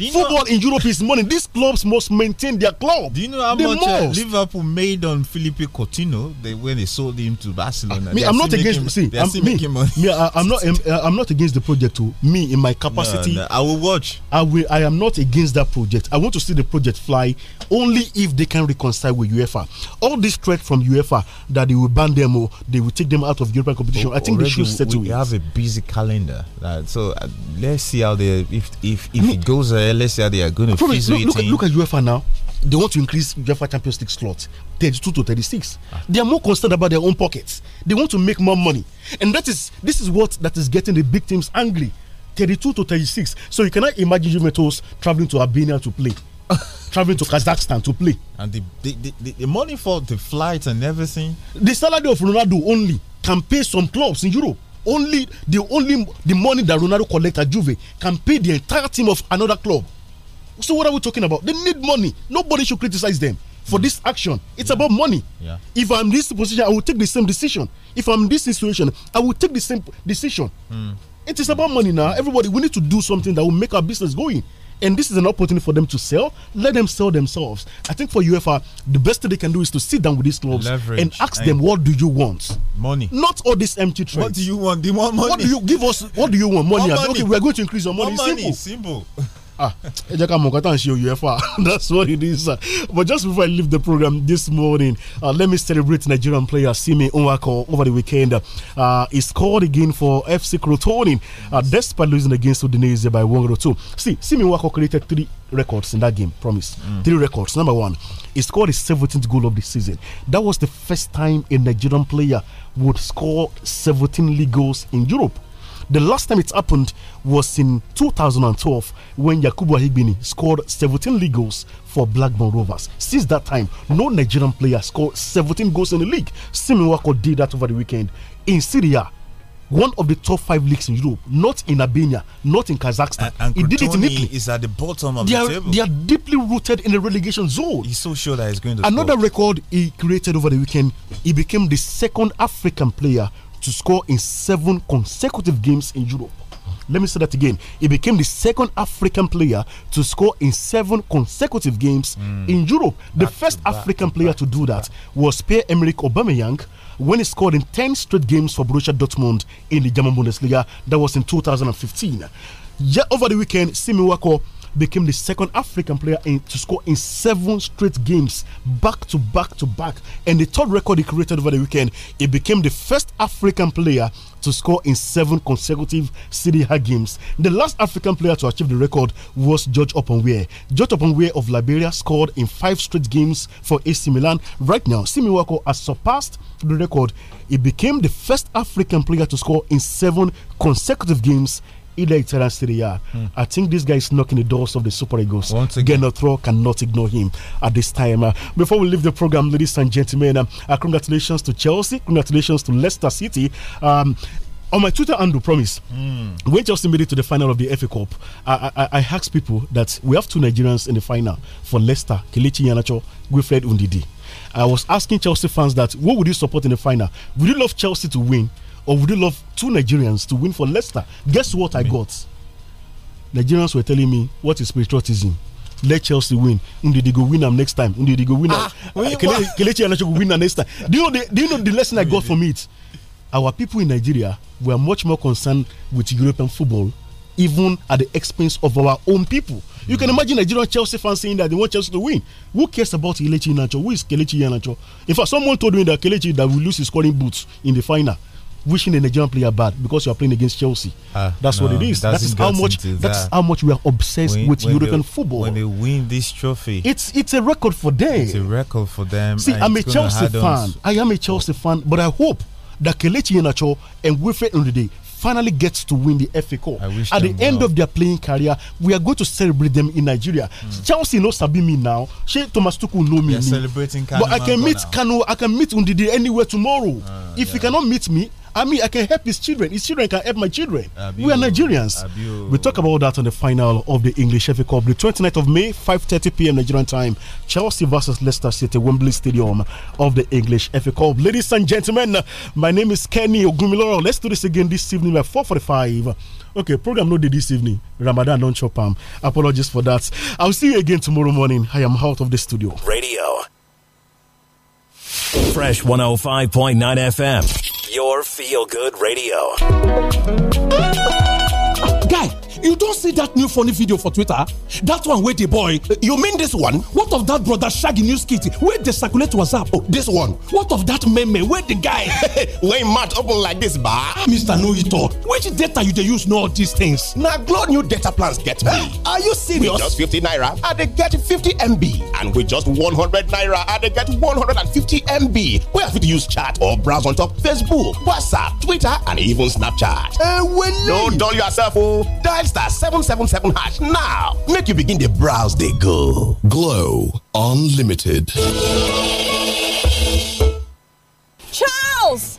you know Football in Europe is money. These clubs must maintain their club. Do you know how they much uh, Liverpool made on Felipe Coutinho they, when they sold him to Barcelona? Uh, me, I'm not against. see, I'm, me, me, I, am not. I'm, I'm, not against the project. To oh. me, in my capacity, no, no, I will watch. I will. I am not against that project. I want to see the project fly only if they can reconcile with UEFA. All this threat from UEFA that they will ban them or oh, they will take them out of European competition. I think they should settle we it. We have a busy calendar, right? so uh, let's see how they if if if it goes ahead Valencia, they are going to look, at, look, at UEFA now. They want to increase UEFA Champions League slot 32 to 36. Ah. They are more concerned about their own pockets. They want to make more money. And that is this is what that is getting the big teams angry. 32 to 36. So you cannot imagine Juventus traveling to Albania to play. traveling to Kazakhstan to play. And the, the, the, the money for the flights and everything. The salary of Ronaldo only can pay some clubs in Europe. Only the only the money that Ronaldo collects at Juve can pay the entire team of another club. So what are we talking about? They need money. Nobody should criticize them for mm. this action. It's yeah. about money. Yeah. If I'm in this position, I will take the same decision. If I'm in this situation, I will take the same decision. Mm. It is about money now. Everybody, we need to do something that will make our business going. And this is an opportunity for them to sell. Let them sell themselves. I think for ufr the best thing they can do is to sit down with these clubs Leverage. and ask them, "What do you want? Money. Not all this empty trade. What do you want? The more money. What do you give us? What do you want? Money. money. Okay, we are going to increase your money. More money. Simple. Simple ah ẹ jẹ́ ká mọ̀ nǹkan tá à ń ṣe uefa that's what it is but just before i leave the program this morning uh, let me celebrate nigerian player simi nwako over the weekend uh, he scored again for fc Crotone uh, despite losing against udinese by one goal to two see simi nwako created three records in that game promise mm. three records number one he scored his 17th goal of the season that was the first time a nigerian player would score 17 league goals in europe the last time it happened was in 2012 when Yakubu Ahigbini scored 17 league goals for Blackburn Rovers. Since that time, no Nigerian player scored 17 goals in the league. Simiwako did that over the weekend in Syria one of the top five leagues in Europe, not in Albania, not in Kazakhstan. And, and did it in Italy. Is at the bottom of they the are, table. They are deeply rooted in the relegation zone. He's so sure that he's going to. Another score. record he created over the weekend. He became the second African player to score in seven consecutive games in Europe. Let me say that again. He became the second African player to score in seven consecutive games mm. in Europe. The back first back African player to, to do that back. was Pierre-Emerick Aubameyang when he scored in 10 straight games for Borussia Dortmund in the German Bundesliga. That was in 2015. Yeah, over the weekend, Simi Wako became the second African player in, to score in seven straight games, back to back to back. And the third record he created over the weekend, he became the first African player to score in seven consecutive Serie A games. The last African player to achieve the record was George Openwear. George Openwear of Liberia scored in five straight games for AC Milan. Right now, Simi Wako has surpassed the record. He became the first African player to score in seven consecutive games Ida Etera mm. I think this guy is knocking the doors of the Super Eagles. Once again, Genotro cannot ignore him at this time. Uh, before we leave the program, ladies and gentlemen, uh, uh congratulations to Chelsea, congratulations to Leicester City. Um, on my Twitter handle, promise, mm. when Chelsea made it to the final of the FA Cup, I, I, I asked people that we have two Nigerians in the final for Leicester, Kelechi Yanacho, Wilfred Undidi. I was asking Chelsea fans that what would you support in the final? Would you love Chelsea to win? or would you love two Nigerians to win for Leicester? Guess what I, got? Nigerians were telling me what is patriotism. Let Chelsea win. Undi they go win them next time. Undi they go win. Ah, ah, Kelechi Iheanacho go win them next time. Do you know the, do you know the lesson I got from it? Our people in Nigeria were much more concerned with European football, even at the expense of our own people. You can imagine Nigerian Chelsea fans saying that they want Chelsea to win. Who cares about Kelechi Iheanacho? Who is Kelechi Iheanacho? In fact, someone told me that Kelechi that will lose his scoring boots in the final wishing a Nigerian player bad because you are playing against Chelsea. Uh, that's no, what it is. That is how much. That. That's how much we are obsessed when, with when European they, football. When they win this trophy, it's it's a record for them. It's a record for them. See, I'm a Chelsea fan. I am a Chelsea fan, but I hope that Kelechi Iheanacho and Wilfred Ndidi finally gets to win the FA Cup. At the end well. of their playing career, we are going to celebrate them in Nigeria. Mm. Chelsea knows Sabi me now. She Thomas know me. me. Celebrating but I can meet Cano. I can meet Undidi anywhere tomorrow. Uh, if yeah. you cannot meet me, I mean, I can help his children. His children can help my children. Uh, we are Nigerians. We talk about that on the final of the English FA Cup, the 29th of May, 5:30 p.m. Nigerian time. Chelsea versus Leicester City, Wembley Stadium of the English FA Cup. Ladies and gentlemen, my name is Kenny Ogumiloro. Let's do this again this evening at 4:45. Okay, program no day this evening. Ramadan don't chop Apologies for that. I'll see you again tomorrow morning. I am out of the studio. Radio. Fresh 105.9 FM your feel good radio. You don see that new funny video for Twitter? That one with the boy, you mean this one? What of that brother Shaggy news kit Where dey circulate WhatsApp? Oh, this one. What of that meme Where the guy wey match mouth open like this ba? Mr. Noito, which data you dey use know all these things? Na Glo new data plans get me. Are you serious? With just 50 naira, I they get 50 MB. And with just 100 naira, I they get 150 MB. Where I fit use chat or browse on top Facebook, WhatsApp, Twitter and even Snapchat. Uh, well, no dull yourself oh. Dial star 777 hash now make you begin the browse they go. Glow Unlimited. Charles!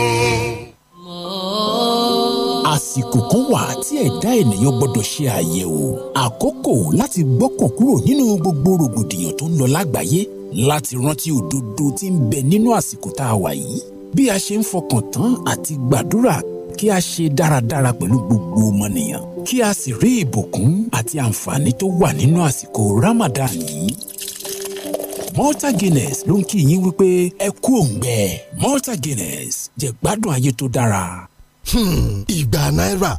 àsìkò kan wà tí ẹ̀dá ènìyàn gbọ́dọ̀ ṣe àyẹ̀wò àkókò láti gbọ́kàn kúrò nínú gbogbo rògbòdìyàn tó ń lọ lágbàáyé láti rántí òdodo tí ń bẹ nínú àsìkò tá a wà yìí bí a ṣe ń fọkàn tán àti gbàdúrà kí a ṣe dáradára pẹ̀lú gbogbo ọmọnìyàn kí a sì rí ìbùkún àti àǹfààní tó wà nínú àsìkò Ramadan yìí Malta Guinness ló ń kí yín wípé ẹ kú òǹgbẹ Malta Guinness jẹ̀gbádùn ayé tó dára. Hmm, ìgbà náírà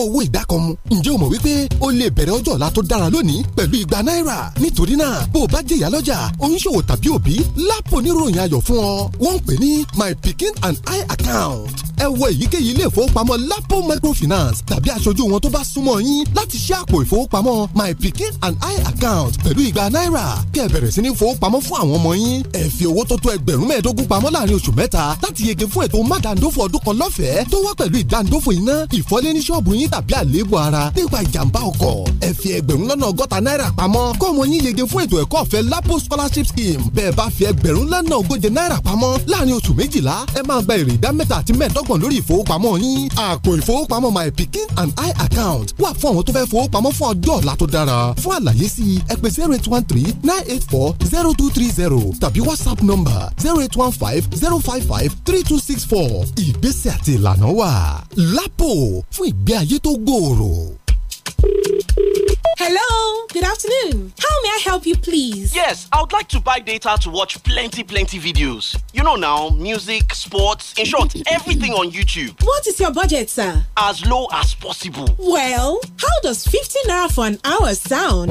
owó ìdá kan mu. ǹjẹ́ o mọ̀ wípé o lè bẹ̀rẹ̀ ọjọ́ ọ̀la tó dára lónìí pẹ̀lú igba náírà? nítorí náà bó o bá jẹ́ ìyálọ́jà oníṣòwò tàbí òbí lápò níròyìn ayọ̀ fún ọ. wọ́n ń pè ní my pikin and i account ẹ wọ èyíkéyìí ilé ìfowópamọ́ lapo microfinance tàbí aṣojú wọn tó bá súnmọ́ yín láti ṣe àpò ìfowópamọ́ my pikin and i account pẹ̀lú igba náírà kẹ́ ẹ bẹ̀rẹ̀ sí ní fowópamọ́ fún àwọn ọmọ yín ẹ fi owó tó tó ẹgbẹ̀rún mẹ́ẹ̀ẹ́dógún pamọ́ láàrin oṣù mẹ́ta láti yege fún ètò mádàndófò ọdún kan lọ́fẹ̀ẹ́ tó wá pẹ̀lú ìdàndófò iná ìfọ́lé ní ṣọ́ọ̀bù yín tàbí àléébù ara nípa ìjàmbá ọkọ̀ ẹ fi ẹgbẹ̀rún lọ́nà ọgọ́ta náírà pamọ́ kọ́ ọmọ yín yege fún ètò ẹ̀kọ́ ọ̀fẹ́ lapo scholarship scheme bẹ́ẹ̀ bá fi ẹgbẹ̀rún pọ̀n lórí ìfowópamọ́ yín àpò ìfowópamọ́ my pikin and i account wà fún àwọn tó fẹ́ fowópamọ́ fún ọjọ́ ọ̀la tó dára fún àlàyé sí i zero eight one three nine eight four zero two three zero tàbí whatsapp number zero eight one five zero five five three two six four ìgbésẹ̀ àti ìlànà wà lápò fún ìgbé ayé tó gbòòrò. Hello, good afternoon. How may I help you, please? Yes, I would like to buy data to watch plenty, plenty videos. You know now, music, sports, in short, everything on YouTube. What is your budget, sir? As low as possible. Well, how does 50 naira for an hour sound?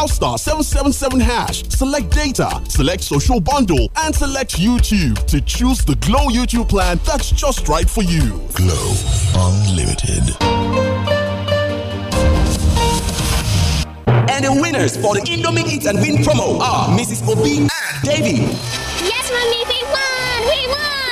dial star 777 hash, select data, select social bundle, and select YouTube to choose the Glow YouTube plan that's just right for you. Glow Unlimited. And the winners for the Indomie Eat and Win promo are Mrs. Obi and Davy. Yes, mommy, we won! We won!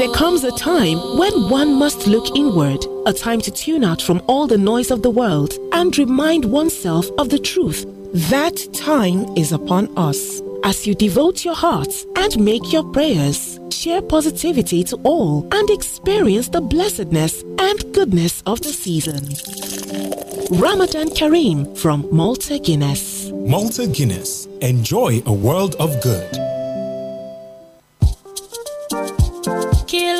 There comes a time when one must look inward, a time to tune out from all the noise of the world and remind oneself of the truth. That time is upon us. As you devote your hearts and make your prayers, share positivity to all and experience the blessedness and goodness of the season. Ramadan Kareem from Malta Guinness. Malta Guinness. Enjoy a world of good.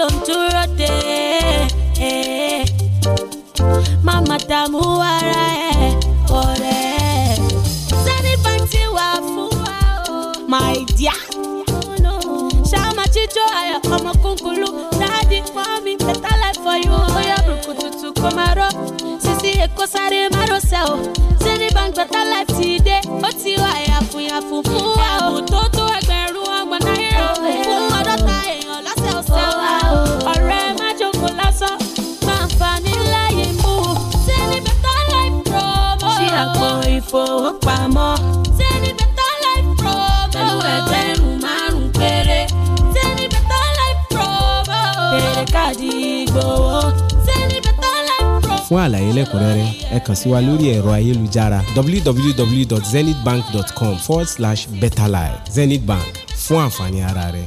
lóńtúrọ̀ dé má má dààmú ara ẹ̀ ọ̀rẹ́. sẹ́ni bá ti wà fún wa o. my dear. Oh, ṣáàmà jíjó ayọ̀ ọmọ kúnkúlú dáàdi fún mi better life for you. bóyá burúkú tutù kò máa rọ sisi èkó sáré má o. sẹ́ni bá ń better life ti dé ó ti wà ẹ̀yà fún fún fún. fún àlàyé lẹ́kùnrẹ́rẹ́ ẹ kàn sí wa lórí ẹ̀rọ ayélujára www.zenithbank.com forward slash betterlife Zenith Bank fún àǹfààní ara rẹ.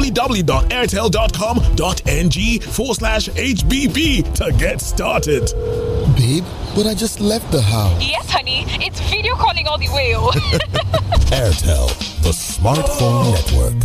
www.airtel.com.ng forward slash HBB to get started. Babe, but I just left the house. Yes, honey. It's video calling all the way. Airtel, the smartphone network.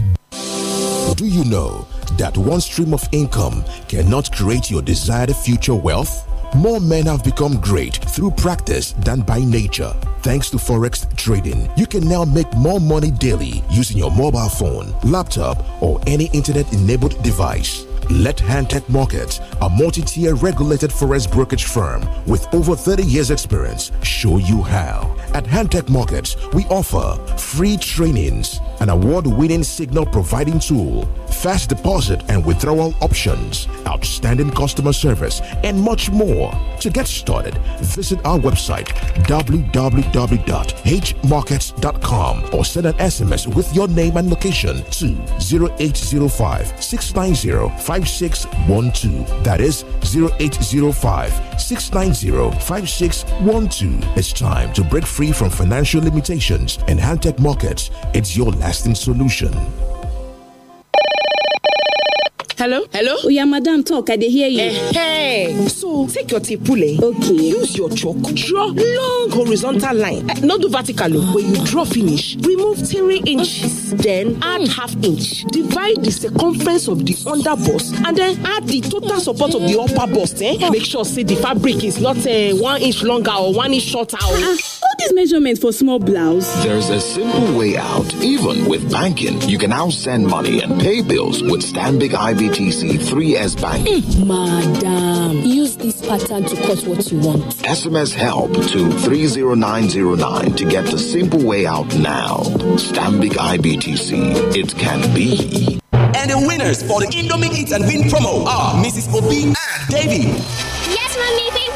Do you know that one stream of income cannot create your desired future wealth? More men have become great through practice than by nature. Thanks to Forex trading, you can now make more money daily using your mobile phone, laptop, or any internet enabled device. Let Hantech Markets, a multi tier regulated forex brokerage firm with over 30 years' experience, show you how. At Handtech Markets, we offer free trainings, an award winning signal providing tool, fast deposit and withdrawal options, outstanding customer service, and much more. To get started, visit our website www.hmarkets.com or send an SMS with your name and location to 0805 690 5612. That is 0805 690 5612. It's time to break free from financial limitations and high tech markets. It's your lasting solution. Hello? Hello? Oh, yeah, madam, talk. I hear you. Uh, hey! So, take your tipule. Okay. Use your chalk. Draw long horizontal line. Uh, not do vertical. Oh. When you draw finish, remove three inches. Oh. Then add half inch. Divide the circumference of the under bust and then add the total support of the upper bust. Eh? Oh. Make sure, say, the fabric is not uh, one inch longer or one inch shorter. Or... Oh. Ah, These measurements for small blouse? There's a simple way out. Even with banking, you can now send money and pay bills with Stanbic IBTC 3S Bank. Mm, madam, use this pattern to cut what you want. SMS help to 30909 to get the simple way out now. Stanbic IBTC. It can be. And the winners for the Indomie Eat and Win promo are Mrs. Obi and Davy. Yes, mommy,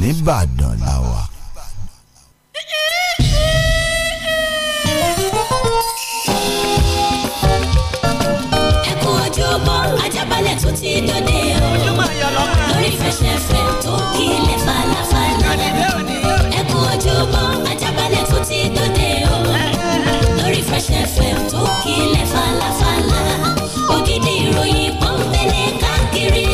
nìbàdàn la ti dòde o lórí fẹsẹ̀fẹ̀ tó falafala ẹkún ojúbọ ti dòde o lórí fẹsẹ̀fẹ̀ tó falafala ògidì ìròyìn pọ́npẹ́lẹ́ káàkiri.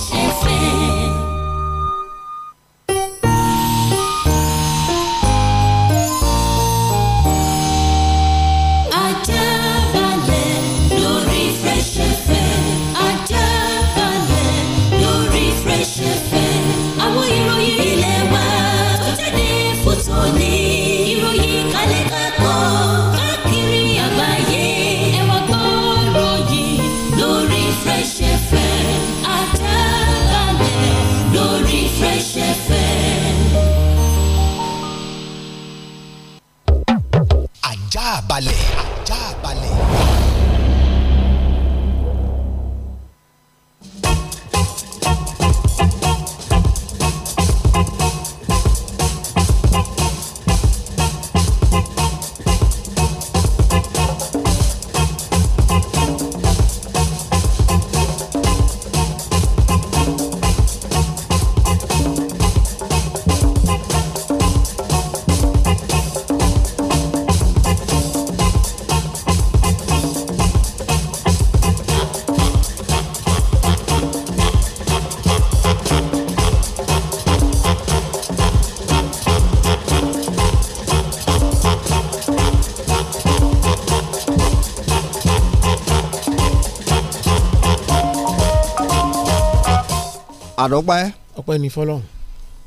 àdọ́pẹ́. ọpẹ́ ní fọlọ́run.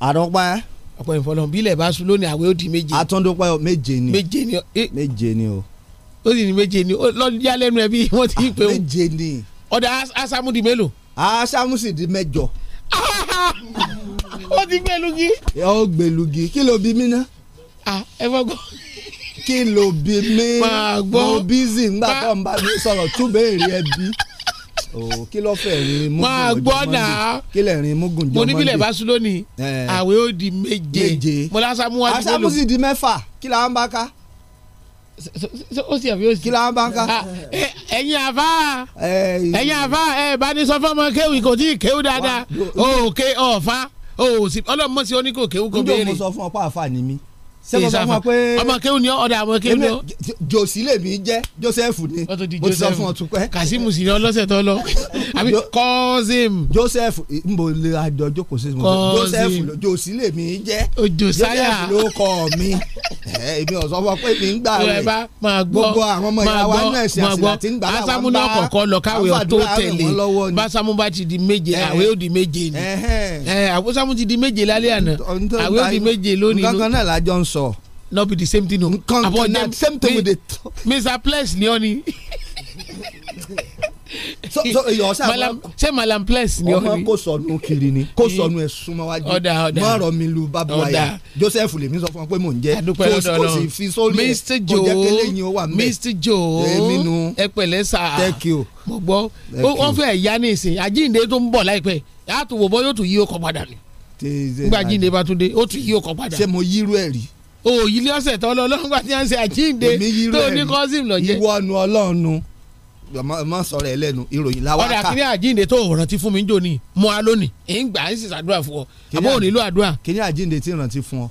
àdọ́pẹ́. ọpẹ́ ní fọlọ́run bílẹ̀ bá sùn lónìí àwẹ̀ ó di méje. atúndúpẹ́ o méje ni. méje ni o. E méje ni o. ó sì ní méje ni lọ́jà lẹ́nu ẹ̀ bí wọ́n ti pè ah, o. méje ni. ọ̀dà asamu di mélòó. asamu sì di mẹ́jọ. ó ti gbẹlugi. ó gbẹlugi kí ló bí mí ná. Ah, ẹ fọ́ gbọ́ kí ló bí mi mo bízì ńgbà tó ń bá mi sọ̀rọ̀ túbẹ̀ èrè kí ló fẹ́ rin mugun ni máa gbọ́ náà kí lè rin mugun jọmọ́ mo ní bílẹ̀ bá lónìí àwẹ̀ ó di méje mo lásán mú wá dúró lò. di mẹ́fà kí la ń bá ká. ó sì àbí ó sì. kí la ń bá ká. Ah, ẹ̀yin àfa ẹ̀yin àfa ẹ̀ bá ní sọ fún ọmọ kéwì kò tí ì kéwù dáadáa òkè ọ̀fà ọlọ́mọ sí oníkò kéwù kò béèrè. njẹ́ mo sọ fún ọ pé àfa ni mí ṣé mo sọ pé ọmọ kéwù ni ọdọ àwọn kéwù lọ. jòsí lèmi jẹ joseph ni mo ti sọ fún ọ tupẹ. kazeem sì lọ lọ́sẹ̀ tó lọ àbí kọ́ọ́sìm. joseph nbọ lè àjọ jókòó sí mi joseph jòsí lèmi jẹ joseph ló kọ mi èmi ọ̀sọ́ fún pé mi ń gbà rẹ̀ gbogbo àwọn ọmọ ìyá wa àti láti ń gbà láwọn bá ásámú náà kọ̀ọ̀kọ́ lọ káwé ọ̀ tó tẹ̀lé bá ti sọ. no be the same thing o. nkan about them same thing we dey talk. mr ples ni ọ ni. so so èyàn ṣe àwọn. ṣé malam ples ni ọ ni. ọmọ kò sọnù kiri ni kò sọnù ẹ súnmọ́ wájú. ọ̀dà ọ̀dà mọ̀rọ̀ mi lu babu aya joseph lèmi sọ fún ọ pé mò ń jẹ. adúpẹ́ lọ́dọ̀ náà kò sì fi sórí ẹ̀ kò jẹ́ kélé yín ó wà mẹ́. mr joe ẹ pẹ̀lẹ́ sà. thank you. mo gbọ́ wọ́n fẹ́ yá ní ìsìn àjíǹde tó ń bọ̀ láìpẹ́ yàtò wò bọ́ yóò tún yí ó kọ́ padà ni. gbàjíǹde bá tún dé ó tún yí ó padà. ṣé mo yírú ẹ̀ rí òòyì ilé ọ̀sẹ̀ tó ọlọ́run gbà tí wọ́n ṣe àjíǹde tó ní kọ́sìm lọ́jẹ́. ìwọ nu ọlọ́run mọ sọ̀rọ̀ ẹ lẹ́nu ìròyìn láwa ká. ọ̀dà kìnìún àjíǹde tó rántí fún mi ń jò ní mọ́ a lónìí ń gbà ń sì ṣàdúrà fún ọ àbọ̀ ò nílò àdúrà. kìnìún àjíǹde tí rántí fún ọ.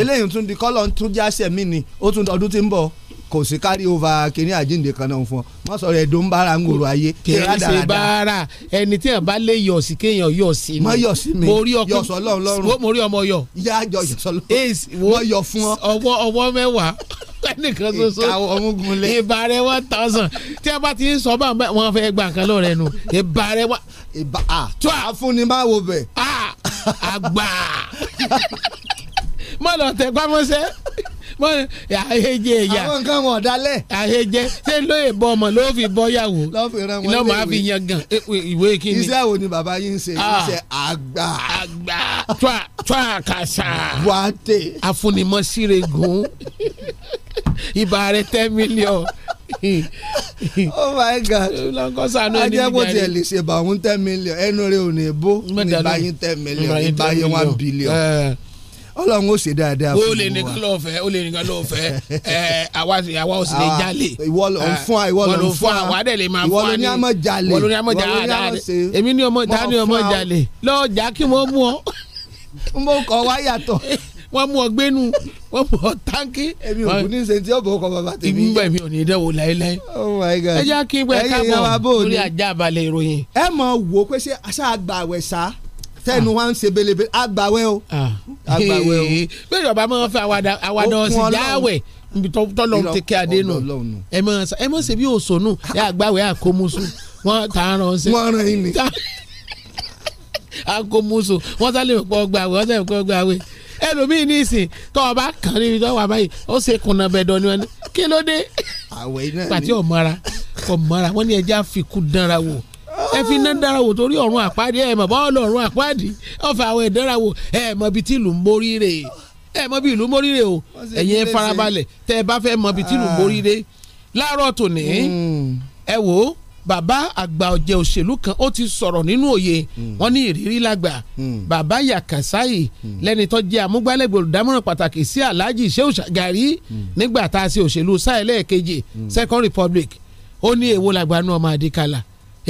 eléyìí tún di kọ́lọ̀ tún jáṣẹ̀ mí ni ó tún ọdún tí ń bọ̀ kò sí kárí ova kínní àjíǹde kan náà fún ọ wọn sọ̀rọ̀ ẹdùn bára ń gòrò ayé kìí ṣe bára ẹni tí yàn bá lè yọ sí kéèyàn yọ sí mi mo yọ sí mi yọ sọ lọrun lọrun mo rí ọmọ yọ yá yọ yọ sọ lọrun mo yọ fún ọ. ọwọ́ ọwọ́ mẹ́wàá ẹnìkan ṣoṣo ìbàrẹ one thousand tí a bá ti ń sọ bá wọn fẹ́ gbà kan lọ́rẹ́ nu ìbàrẹ wa. ìbà tó a fún ni máa wo bẹ̀. àgbà má lọ tẹ gbámọ́sẹ́ mọ àhejẹ ẹ̀yà àwọn nǹkan wọn ọ̀dálẹ̀. àhejẹ ṣé lóye bọ ọmọ ló fi bọ yàwó lọ́mọ á fi yan gan e, e, ìwé kíni. iṣẹ́ wo ni bàbá yín ń ṣe ah. iṣẹ́ àgbà. àgbà tó àkàṣà. wàtè. afunimọ̀síre gùn ibà rẹ tẹ́ mílíọ̀n. oh my god ajẹ́kọ̀ tiẹ̀ lè ṣe bàwọn ten million ẹnu rẹ̀ ò ní bó ní báyìí ten million ní báyìí one billion. Eh. Ọlọ́run ó ṣe dáadáa fún wa. o lè nìkan lọ fẹ o lè nìkan lọ fẹ ẹ àwa ò sì lè jalè. ìwọ ló ń fún wa ìwọ ló ń fún wa àwa dẹ̀ lè máa fún wa ní. ìwọ ló ní àmọ́ jalè ìwọ ló ní àmọ́ jalè èmi ní ọmọ ta ni ọmọ jalè lọ́ọ̀jà kí wọ́n mú ọ. n bò kọ wá yàtọ̀. wọ́n mú ọ gbénu wọ́n mú ọ táǹkì. èmi ò ní ṣe tí ọ̀bọ̀ kọ bàbá tèmi. ìgbà mi ò ní dẹ́wọ̀ láéláé. oh my god ẹ jẹ́ kí n gbẹ káàbọ̀ lórí àjà àbálẹ̀ ìròyìn. ẹ mọ̀ wò pé ṣé aṣáà gbà wẹ̀ sá tẹnu wa ń ṣe belebe agbawẹ o ah. agbawẹ o. bẹ́ẹ̀ ni ọba máa ń fẹ́ àwàdà ọ̀sìn jáwẹ̀ nbi tọlọ ti kí adé nù ẹ mọ ẹ mọ ṣe bí òṣònù ẹ àgbàwẹ àkómusu wọn tà á ràn sí. wọn ràn àkómusu wọn sálẹ̀ pọ̀ gbàwé wọn sálẹ̀ pọ̀ gbàwé ẹlòmíì ní ìsìn tó ọba kan níbi tó wà báyìí ó ṣe kùnà bẹ̀dọ̀ ni wọn kí ló dé. àwẹ̀ náà ni pàtí ọ̀mọ́ra ọ̀mọ́ra wọn ni ẹja fi dánra wò ẹ fi iná dára wò torí ọ̀run àpáàdì ẹ̀ mọ̀ bọ́ọ̀lù ọ̀run àpáàdì ọ̀fà àwọn ẹ̀dára wò ẹ̀ mọ̀ bí tí ìlú ń borí rè ẹ̀ mọ̀ bí ìlú ń borí rè o ẹ̀yin ẹ farabalẹ̀ tẹ́ ẹ bá fẹ́ mọ̀ bí tí ìlú ń borí rè láàárọ̀ tòní hmm. ẹ wò ó bàbá àgbà ọ̀jẹ̀ òṣèlú kan ó ti sọ̀rọ̀ nínú òye hmm. wọn ní ìrírí lágbà hmm. bàbá Yakasai lẹ́ni tó jẹ́ amúgbálẹ́gbẹ̀ẹ́ olùdámọ̀ràn pàtàkì sí Alhaji Shehu Shagari nígbà tá a ṣe òṣèlú sáyẹlẹ̀ Second Republic ó ní èwo làgbà nu ọmọ adékálà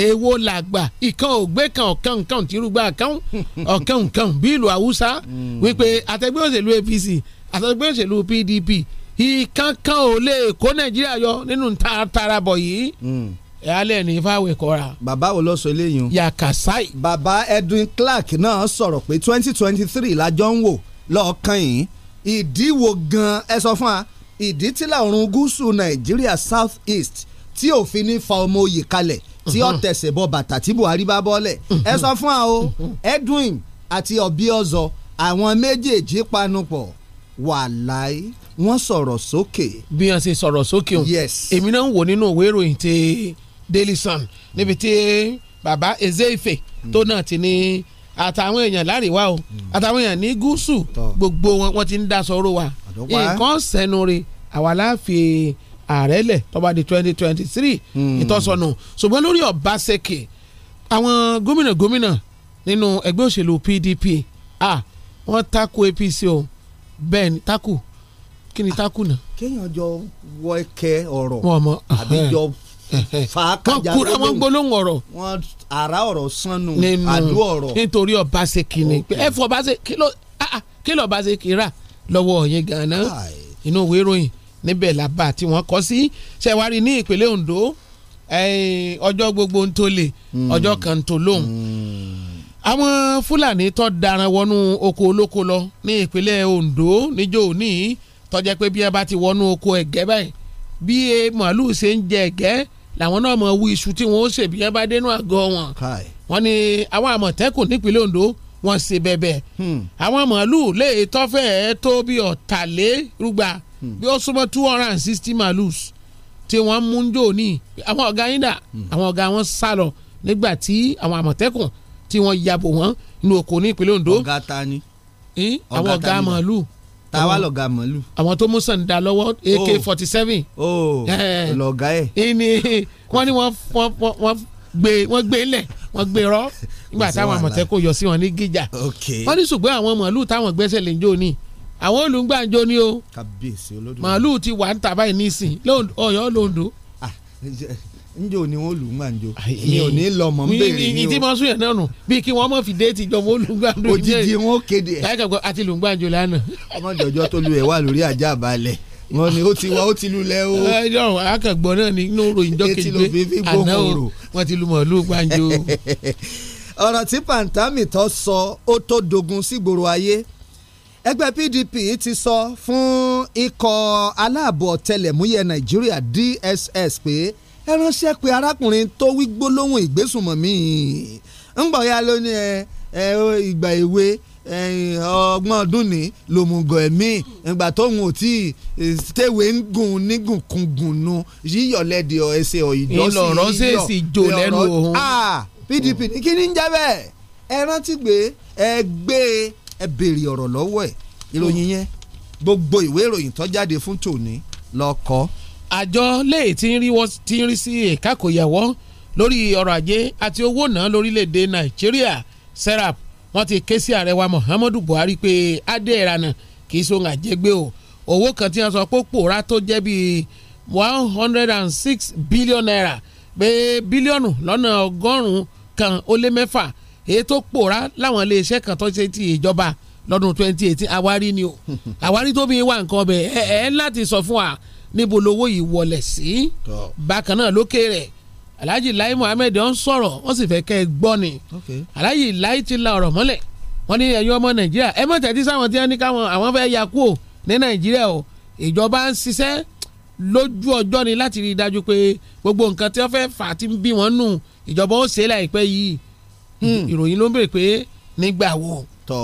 èwo làgbà ìkan ògbé kan ọ̀kan nǹkan tìrúgba kan ọ̀kan nǹkan bí ìlú haúsá hmm. wípé àtẹgbẹ́ òṣèlú APC àtẹgbẹ́ òṣèlú PDP ìkan kan ò lè kó Nàìjíríà yọ nínú tààràtààrà bọ̀ yìí hmm. ẹ alẹ́ ní fáwọn ẹ̀kọ́ ra. bàbá wo ló sọ eléyìí o. yakasai. bàbá Edwin Clark náà sọ̀rọ̀ pé twenty twenty three lájọ́ ń wò lọ́ọ̀kan yìí ìdí wo gan ẹ sọ fún wa ìdí tí làrùn gúúsù Nàìjíríà South East tí òfin ní fa ọmọ òye kalẹ̀ tí ó tẹ̀sẹ̀ bọ bàtà tí Buhari bá bọ́lẹ̀ ẹ sọ fún wa o Edwin àti Obiozor àwọn méjèèjì panupọ̀ wàláì wọ́n sọ̀rọ̀ sókè. bí wọ́n ṣe sọ̀rọ̀ sókè o èmi náà ń wò nínú ìwé ìròyìn ti Daily Sun níbi tí bàbá Ezeife hmm. tó náà ti ní àtàwọn èèyàn láríwá o hmm. àtàwọn èèyàn ní gúúsù gbogbo wọn ti ń dá wa nǹkan sẹ́nu re àwa láàfin ààrẹ lẹ̀ tọ́ba di twenty twenty three hmm. ìtọ́sọ̀nù ṣùgbọ́n lórí Obaseki àwọn gómìnà gómìnà nínú ẹgbẹ́ òṣèlú PDP ah wọ́n tako APC o bẹ́ẹ̀ ni tako kí ni tako náà. kéèyàn jọ wọ ẹkẹ ọ̀rọ̀ àbí jọ fàákàjà lóhùn wọn gbólóhùn ọ̀rọ̀ wọn ara ọ̀rọ̀ sanu àdó ọ̀rọ̀ nítorí Obaseki ni ẹ fọ Obaseki kí ló Obaseki ah, ah, rà lọ́wọ́ yẹn ganan inú òwe ìròyìn níbẹ̀ làbá tí wọ́n kọ́ sí ṣẹ̀wárí ní ìpínlẹ̀ Ondo ọjọ́ gbogbo ń tó lè hmm. ọjọ́ kan ń tó lóhùn. Hmm. àwọn Fúlàní tó daran wọnú oko olóko lọ ní ìpínlẹ̀ Ondo níjó òní tọ́jẹ́ pé bí ẹ bá ti wọnú oko ẹ̀gẹ́ báyìí bí e màálù ṣe ń jẹ ẹ̀gẹ́ làwọn náà mọ̀ wú iṣu tí wọ́n ṣe bí ẹ bá dénú àgọ́ wọn. wọ́n ní àwọn àmọ̀tẹ́kùn nípínlẹ̀ Ondo wọ́n ṣe bẹ́ẹ̀ hmm. àwọn màálù lè tọ́fẹ̀ẹ́ tó bí ọ̀tàlérúgba bí ó súnmọ́ two hundred and sixty malus tí wọ́n mú jò ní àwọn ọ̀gá yín dà hmm. àwọn ọ̀gá wọn sá lọ nígbà tí àwọn àmọ̀tẹ́kùn tí wọ́n yabò wọ́n nínú oko ní ìpínlẹ̀ Ondo. ọ̀gá ta ni. àwọn ọ̀gá màálù. táwa lọ̀gá màálù. àwọn tó mú sàǹdà lọ́wọ́ oh. AK forty seven. ooo oh. lọ̀gá ẹ̀. ìní wọ́n ní wọ́n gbé wọ́n gbé lẹ̀ wọ́n gbé rọ́ nígbà táwọn àmọ̀tẹ́kùn yọ sí wọn ní gíjà. wọ́n ní ṣùgbọ́n àwọn màálù táwọn gbẹ́sẹ̀ lè ń jò ní àwọn olùgbàǹjo ni o kábíyèsí olódùmarè màálù ti wà ń tàbá ìnísìn ọ̀yọ́ londo. njó ni wọn olùgbàǹjo mi ò ní lọ mọ n bèrè ni o ìdí mọ sún yẹn náà nù bíi kí wọn mọ fi déètì jọ mọ olùgbàǹjo ìdí ẹ òjijì wọn ó kéde ẹ láìkẹ́kọ̀ọ́ àti olùgbàǹjo lánàá. ọmọ jọjọ tó lu ẹ wà lórí ajá balẹ̀ wọn ni ó ti wá ó ti lulẹ̀ o. ẹjọ akẹgbọn náà ni inú ròyìn jọkejì àná o wọn ti lu mọ̀ọ́lù gbàǹjo. ọ̀rọ̀ tí pàǹtámì tó sọ ó tó dogun sígboro ayé ẹgbẹ́ PDP ti sọ fún ikọ̀ aláàbò ọ̀tẹlẹ̀múyẹ́ Nàìjíríà DSS pé ẹ ránṣẹ́ pé arákùnrin tó wí gbólóhùn ìgbésùnmọ̀mí ńgbọ̀ ya ló ní ẹ ìgbà èwe ọgbọ̀n ọdún ni lòmùgọ̀ ẹ̀mí ìgbà tóun ò tí tẹ̀wé ń gùn nígùnkùngùnù yíyọ̀lẹ́dì ẹsẹ̀ ọ̀yìndọ́ sí ìlọ ìlọ̀rọ̀ ṣèṣì jò lẹ́nu òun. PDP ní kí ni ń jẹ́ bẹ́ẹ̀ ẹ rántí gbé ẹ gbé e ẹ béèrè ọ̀rọ̀ lọ́wọ́ ẹ̀ ìròyìn yẹn gbogbo ìwé ìròyìn tó jáde fún tòní lọ́kọ́. àjọ lẹ́yìn tí ń rí wọ́n ti ń rí sí ẹ̀ka kò yẹ̀wọ́ lórí ọrọ̀ ajé àti owó náà lórílẹ̀‐èdè nàìjíríà serap wọ́n ti ké sí ààrẹ wa muhammadu buhari pé adé ìranà kì í so ń àjẹgbé o owó kan tí wọ́n sọ pé pòórá tó jẹ́ bíi one hundred and six billion naira pé bílíọ̀nù lọ́nà ọgọ́rùn-ún kan ó lé mẹ́fà èyí tó pòórá láwọn iléeṣẹ́ kan tó ṣe ti ìjọba lọ́dún 2018 àwárí ni o àwárí tó bí wà nǹkan ọbẹ̀ ẹ ẹ láti sọ fún wa níbo lowó yìí wọlé sí bákan náà lókè rẹ̀ alhaji lai muhammed ń sọ̀rọ̀ wọ́n sì fẹ́ kẹ́ ẹ gbọ́ ni alhaji lai ti la ọ̀rọ̀ mọ́lẹ̀ wọ́n ní ẹ̀yin ọmọ nàìjíríà ẹ mọ̀ tẹ̀tí sáwọn tí wọ́n ní káwọn àwọn fẹ́ ya kú ní nàìjíríà o ìjọba ń ṣiṣẹ́ lójú ọjọ́ ni láti rí i dájú pé gbogbo nǹkan tí wọ́n fẹ́ fà á ti bí wọ́n nù ìjọba ó ṣe é láìpẹ́ yìí Hmm. ìròyìn ló ń bèrè pé nígbà wo. tọ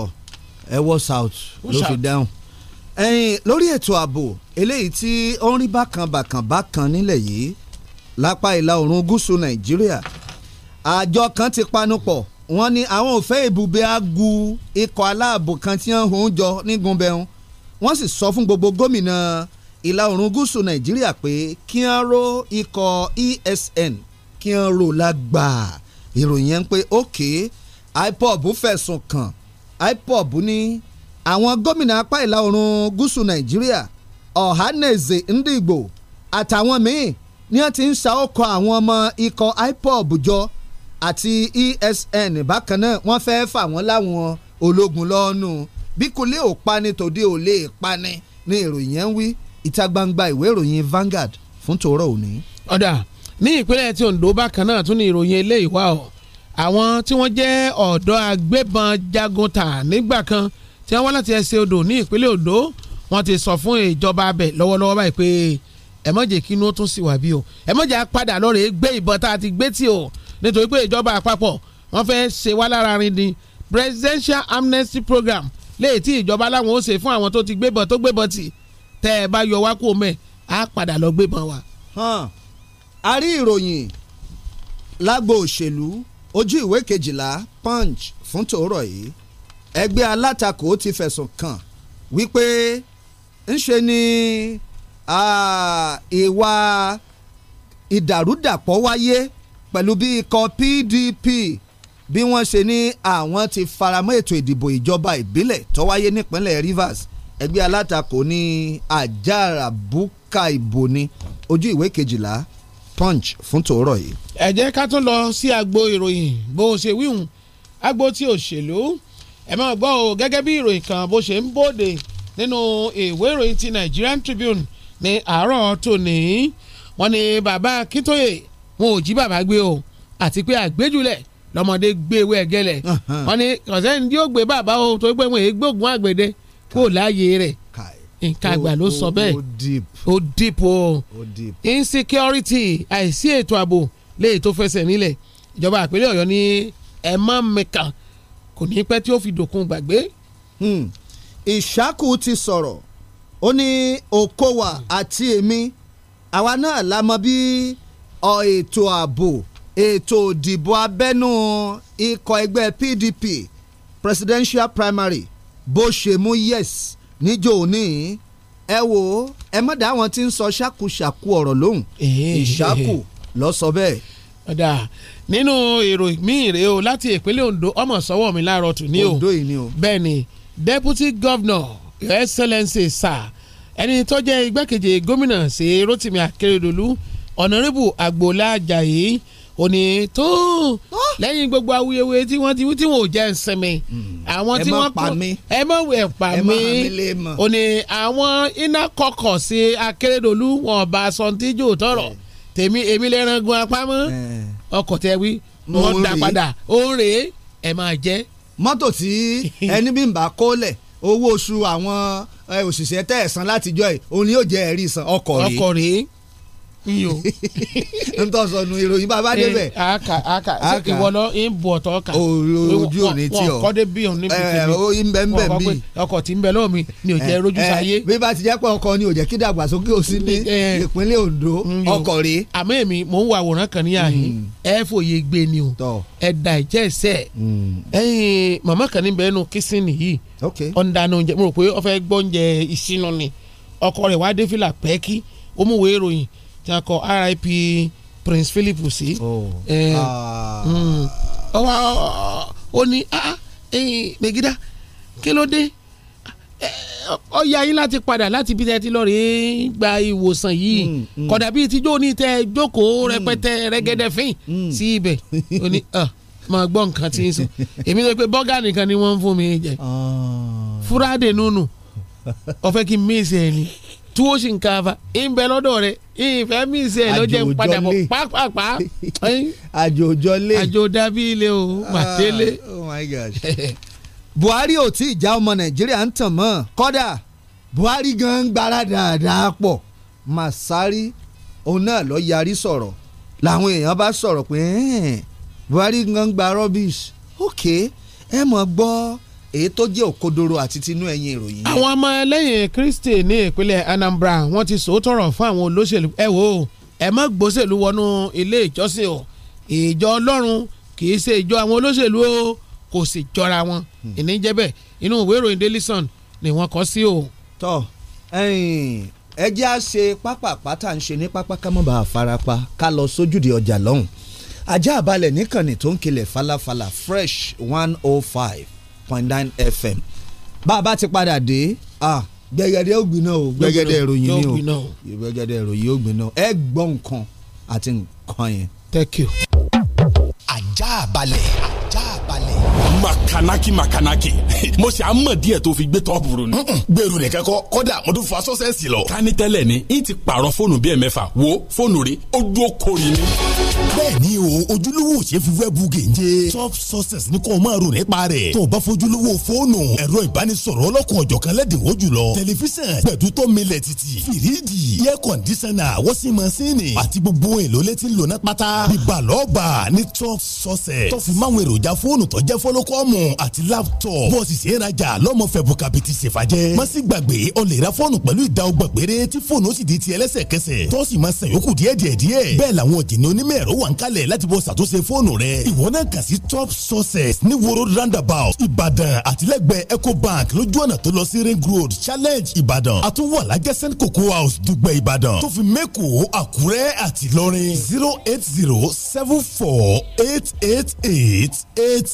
ẹ wọ south ló fi dáhùn ẹyin lórí ètò ààbò eléyìí tí ó ń rí bákan bákan bákan nílẹ̀ yìí lápá ìlà oòrùn gúúsù nàìjíríà àjọ kan ti panupọ̀ wọ́n ní àwọn ò fẹ́ ibùgbé agu ikọ̀ aláàbò kan tí wọ́n ń jọ nígun bẹ́ẹ̀ wọ́n sì sọ fún gbogbo gómìnà ìlà oòrùn gúúsù nàìjíríà pé kí wọ́n ró ikọ̀ ESN kí wọ́n ró lágbàá ìròyìn yẹn ń pé òkè IPOB fẹ̀sùn kàn IPOB ní àwọn gómìnà apá ìlà oòrùn gúúsù Nàìjíríà Ọ̀hánèzè Ndigbo àtàwọn míì ni wọ́n ti ń ṣàókọ àwọn ọmọ ikọ̀ IPOB jọ àti ESN bákan náà wọ́n fẹ́ fà wọ́n láwọn ológun lọ́ọ́nù bí kò lè ò pani tòde ò lè pani ni ìròyìn yẹn ń wí ìta gbangba ìwé ìròyìn Vanguard fún tòórọ́ òní. ọ̀dà ní ìpínlẹ̀ tí Ondo bákan náà tún ní ìròyìn eléyìí wá o àwọn tí wọ́n jẹ́ ọ̀dọ́ agbébọn jagun tà nígbà kan tí wọ́n wá láti ẹsẹ̀ odò ní ìpínlẹ̀ Ondo wọ́n ti sọ fún ìjọba abẹ lọ́wọ́lọ́wọ́ báyìí pé ẹ má jẹ́ kí inú tún sì wà bí o ẹ má jẹ́ apádà lọ́rẹ̀ gbé ìbọn tá a ti gbé tì o nítorí pé ìjọba àpapọ̀ wọ́n fẹ́ ṣe wá lára rin ni presidential amnesty program léyìí tí ìjọba láwọn ó ṣe fún àwọn tó ti gbébọn tó gbébọn tì tẹ́ ẹ bá yọ wá kó mẹ́ á padà lọ gbébọn wa a rí ìròyìn lágbo òṣèlú ojú ìwé kejìlá punch fún tòórọ̀ yìí ẹgbẹ́ alátakò ti fẹ̀sùn kàn wípé ńṣe ni ìwà ìdàrúdàpọ̀ wáyé pẹ̀lú bí ikọ̀ PDP bí wọ́n ṣe ní àwọn ti faramọ́ ètò ìdìbò ìjọba ìbílẹ̀ tó wáyé nípínlẹ̀ Rivers ẹgbẹ́ alátakò ní àjàràbùkà ìbò ni ojú ìwé kejìlá punch fún tòórọ̀ yìí. ẹ jẹ́ ká tún lọ sí agbo ìròyìn bó ṣe wíhùn agbo tí òṣèlú ẹ máa gbọ́ o gẹ́gẹ́ bí ìròyìn kan bó ṣe ń bòde nínú ìwé ìròyìn ti Nigerian Tribune ní àárọ̀ tòní wọ́n ní bàbá Akíntóyè wọn ò jí bàbá gbé o àti pé àgbéjúlẹ̀ lọ́mọdé gbé ewé ẹ̀gẹ́lẹ̀ wọ́n ní ọ̀sẹ́ni yóò gbé bàbá o torí pé wọn èé gbógun àgbèdè kó láàyè rẹ̀ nǹkan àgbà ló sọ bẹ́ẹ̀ ó deep o insecurity àìsí ètò ààbò léyìí tó fẹsẹ̀ nílẹ̀ ìjọba àpẹẹrẹ ọ̀yọ́ ní ẹ̀ má mẹ́kàn kò ní pẹ́ tí ó fi dòkun gbàgbé. Hmm. ìṣàkù ti sọ̀rọ̀ ó ní Okowa àti èmi àwa náà la mọ bí ètò ààbò ètò ìdìbò abẹ́nú ikọ̀ ẹgbẹ́ PDP presidential primary bó ṣe mú yes níjọ́ òní ẹ wo ẹ má dá àwọn tí ń sọ ṣàkúṣàkú ọ̀rọ̀ lóhùn eh. ìṣàkù lọ sọ bẹ́ẹ̀. ọ̀dà nínú ìròyìn míì rèé o láti ìpínlẹ̀ Ondo ọmọ sọ́wọ́ mi láàárọ̀ tù ní o Ondo yìí ni o bẹ́ẹ̀ ni deputy governor your excellency sir ẹni tó jẹ́ igbákejì gómìnà sí Rotimi Akeredolu Honorable Agboola Ajayi ó ní tó lẹ́yìn gbogbo awuyewuye tí wọ́n ti wí tí wọ́n ò jẹ́ ìsinmi hmm. àwọn tí wọ́n kọ́ ẹ mọ̀ ẹ̀ pa mí ó ní àwọn iná kọkọ̀ sí Akérédolú wọn ọba sọ̀ntíjò tọrọ eh. tèmi èmi lẹ́ran gun apá mọ́ eh. ọkọ̀ tẹ wí wọ́n dá padà ó rè é ẹ̀ máa jẹ́. mọ́tò tí ẹni bí n bá kólẹ̀ owó oṣù àwọn eh, òṣìṣẹ́ tẹ̀sán látijọ́ ẹ̀ òun ni yóò jẹ́ ẹ̀rí san ọkọ̀ rèé n yo. n tọ́ sọ nu ìròyìn aka aka eh, ìwọ lọ ń bu ọ̀tọ̀ ọ̀ka. ojú ò ní tí ọ ọkọ dé bí òun níbi ẹ eh, o bẹ bẹ ọkọ tí bẹ mi ni eh, rojú sáyé. bí bá ti jẹ́ pé ọkọ ni jẹ́ kí dàgbàsókè sí ní ìpínlẹ̀ Ondo mm, ọkọ àmọ́ èmi mm. o ẹ da ìjẹ́ ẹyin mm. màmá kan tí a kọ RIP Prince Philip sí oh. ah. hmm. ó ní ah, ah, Megida kí ló dé ó yá yín láti padà láti bí tẹ́tí lọ́ọ̀rẹ́ gba ìwòsàn yìí hmm, hmm. kódà bíi tíjọ́ ní tẹ́ jókòó rẹpẹtẹ rẹgẹdẹ fín sí ibẹ̀ ó ní mọ gbọ́ nǹkan tí ń sọ èmi ló pé bọ́gà nìkan ni wọ́n ń fún mi jẹ fúrádé nùnù ó fẹ́ kí n mí ìsẹ̀ ni tuwo ṣìnkáfa ìbẹ̀ lọ́dọ̀ rẹ̀ ìfẹ́ mi ìṣe ẹ̀ lọ́jẹ́ padà bọ̀ pápápá. àjò jọlé àjò dábí o ah, màtélé. oh my gosh. Buhari ò tí ì já ọmọ Nàìjíríà ń tàn mọ́ kọ́dà Buhari gan gbára dáadáa pọ̀ Masari òun náà lọ yarí sọ̀rọ̀ làwọn èèyàn bá sọ̀rọ̀ pé Buhari gan gba rubbish ok ẹ mọ̀ gbọ́ èyí tó jẹ́ òkodoro àti tinú ẹ̀yìn ìròyìn. àwọn ọmọ ẹlẹ́yìn Kristi ní ìpínlẹ̀ Anambra wọ́n ti sòótọ́rọ̀ fún àwọn olóṣèlú ẹ wò ẹ má gbóṣèlú wọnú ilé ìjọsìn o ìjọ Ọlọ́run kì í ṣe ìjọ àwọn olóṣèlú o kò sì jọra wọn hmm. ìníjẹ́bẹ̀ inú ìwé ìròyìn Daily ni wọ́n kọ sí o. tọ ẹ jẹ́ à ṣe pápá pátá ń ṣe ní pápá ká má farapa ká lọ sójúde ọjà lọ́hùn ajá àbálẹ̀ níkànnì tó ń kilẹ̀ falafala fresh one oh five point oh nine fm bá a bá ti padà dé gbẹgẹdẹ ògbìn náà o gbẹgẹdẹ ìròyìn ni o gbẹgẹdẹ ìròyìn ògbìn náà ẹ gbọ́ nǹkan àti nǹkan yẹn. thank you. ajá balẹ̀ ajá balẹ̀ balẹ̀. makanaki makanaki mo ṣe àmọ̀ díẹ̀ tó fi gbé tọ́pù rò ni. gbèrú nìkan kọ kọ́dà mo tún fa sọ́sẹ́sì lọ. ká ní tẹ́lẹ̀ ni n ti pààrọ̀ fóònù bíi ẹ̀mẹ́fà wo fóònù rí ojú ó kórìí ni. bẹ́ẹ̀ni o ojúlówó ṣe fi wẹ́ẹ̀bù gèje top success ni kò máa rò nípa rẹ̀ tó o bá fojúlówó fóònù ẹ̀rọ ìbánisọ̀rọ̀ ọlọ́kùn ọ̀jọ̀kan lẹ́dínwó jùlọ tẹlifíṣàn gbẹ̀dútọ́ milẹ̀ títì fìrídì air conditioner wọ́sí masínì àti gbogbo èlò létí lónà pátá bíbalọ́ọ̀bà ní top success tó fi máwọn èròjà fóònù fóònù tó jẹ́ fọlọ́kọ́mù àti láptọ̀pù bọ́ọ̀sì sì ń rajà lọ́mọ fẹ́ bùkàbìtì ṣèfàjẹ́ má sì gbàgbé ọ lè ra fóònù pẹ̀lú ìdá ọgbà tí fóònù ó sì di tiẹ̀ lẹ́sẹ̀kẹsẹ̀ tó sì máa san yòókù díẹ̀díẹ̀ díẹ̀ bẹ́ẹ̀ làwọn òjìní onímọ̀ ẹ̀rọ wà ń kalẹ̀ láti bọ́ ṣàtúnṣe fóònù rẹ ìwọ náà kà sí top sources ní woro roundabout ìbàdàn àtìlẹ́gbẹ̀ẹ́ ecobank lójú ọ̀nà tó lọ sí ring road challenge ìbàdàn àtúwọ̀ alájẹ́ st house dùgbẹ̀ ìbàdàn tó fi mẹ́kọ̀ àkúrẹ́ àti zero eight zero seven four eight eight eight eight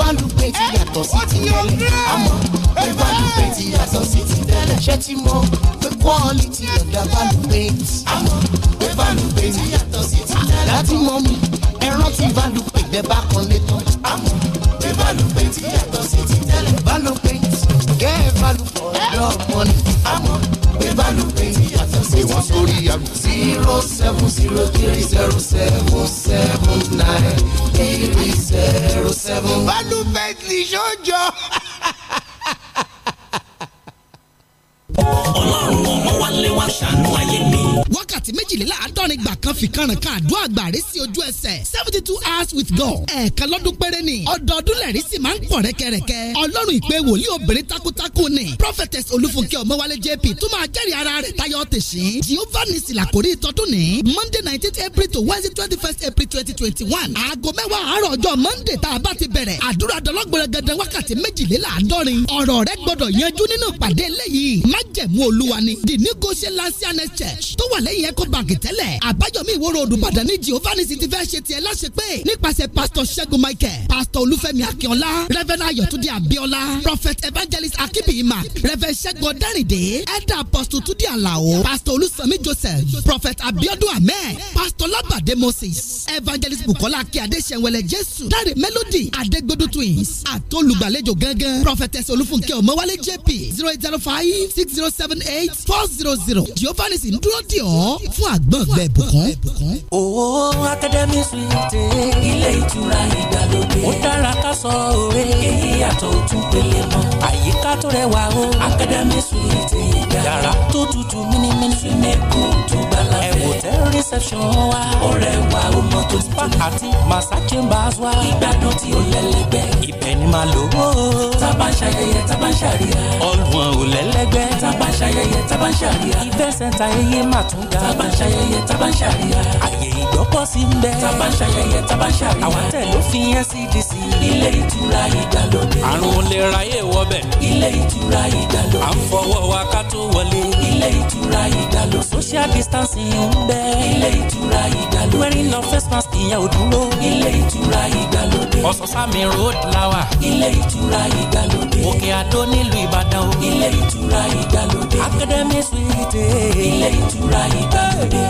evaluate yàtọ̀ sí ti tẹ́lẹ̀ àmọ́ evaluate yàtọ̀ sí ti tẹ́lẹ̀ ṣé ti mọ pé quality ọ̀dà evaluate àmọ́ evaluate yàtọ̀ sí ti tẹ́lẹ̀ láti mọ mi ẹ̀rọ ti evaluate bẹ́ẹ̀ bá kan lé tán àmọ́ evaluate yàtọ̀ sí ti tẹ́lẹ̀ evaluate get value for your money àmọ́ evaluate us lórí zero seven zero three zero seven seven nine three zero seven. balùwẹ̀ ní sọ́jọ́. ọlọ́run ọmọ wa lé wa ṣàánú ayé mi. wákàtí méjìléláàádọ́rin gbà kan fi kànràn kan àdúrà gbàrí sí ojú ẹsẹ̀ seventy two hours with God ẹ̀ẹ̀kan lọ́dún péré ni ọdọọdún lẹ́rìí sì máa ń pọ̀ rẹ́kẹrẹ́kẹ́ ọlọ́run ìpè wòlíì obìnrin takuntakun ni prophetess olúfúnkẹ́ ọmọwálé jp tó máa jẹ́rìí ara rẹ̀ tayọ tẹ̀sí jehovah nisi làkórí tọdún ní monday nineteen april to wednesday twenty first april twenty twenty one aago mẹ́wàá monday tá a bá ti bẹ̀rẹ̀ àdúrà dọ́lọ́gbọ̀rẹ̀ gẹ̀dẹ̀ wákàtí méjìléláàádọ́rin ọ̀rọ̀ rẹ gbọ́dọ̀ májẹ̀mú olúwa ni the negotiation lansianes church tó wà lẹ́yìn eco bank tẹ́lẹ̀ àbáyọ̀mí ìwó road ìbàdàn ní jehovah ní ti fẹ́ ṣe tiẹ̀ láṣẹ pé nípasẹ̀ pastor ṣẹ́gun michael pastor olúfẹ́mi akínọlá reverend ayọ̀túndé Abiola, prophet evangelist akínbíyìmá reverend ṣẹ́gun ọ̀dẹ́rìndé elder apostle túndé Alao, pastor olùsànmí joseph prophet abiodun ahmed pastor labade moses evangelist bukola akíade ṣẹ̀wẹ̀lẹ̀ jésù dáre melody adegbodu twins àtolùgbàlejò gángan prophetess olúfúnkẹ́ ọmọwálé jp zero eight zero five six zero zero seven eight four zero zero giovannis ń dúró dì ọ́ fún àgbọ̀ngbẹ bùkún. owó akademi suwite ilé ìtura ìgbàlódé ó dára ká sọ òwe èyí yàtọ̀ òtún pélé mọ́ àyíká tó rẹwà o akademi suwite ìgbà yàrá tó tutù mímímí sinimu tó gbala fẹ́ ẹ̀wòtẹ́ reception wa ọ̀rẹ́ wa ó mọ tó ti tó àti massa chambers wa ìgbádùn tí ó lẹ́lẹ́gbẹ́ ibẹ̀ ni lò ó tá ń ṣayẹyẹ tá ń ṣàríyá ọ̀gbun ò lẹ́lẹ́gbẹ́ tábà ń ṣayẹyẹ tábà ń ṣàríyá. ìfẹ́ sẹ́ńtà ẹyẹ máa tún ga. tábà ń ṣayẹyẹ tábà ń ṣàríyá. àyè ìgbọ́kọ̀ sí ń bẹ. tábà ń àwọn tẹ̀ ló fi NCDC. E ilé ìtura ìdàlódé. àrùn olè ráyè wọbẹ̀. ilé ìtura ìdàlódé. à ń fọwọ́ wa ká tó wọlé. ilé ìtura ìdàlódé social distancing ń bẹ. ilé ìtura ìgbàlódé. wearing no face mask ìyẹn ò dúró. ilé ìtura ìgbàlódé. ọ̀sán-sámi road lawa. ilé ìtura ìgbàlódé. òkè àdó nílùú ìbàdàn ilé ìtura ìgbàlódé. academy suite. ilé ìtura ìgbàlódé.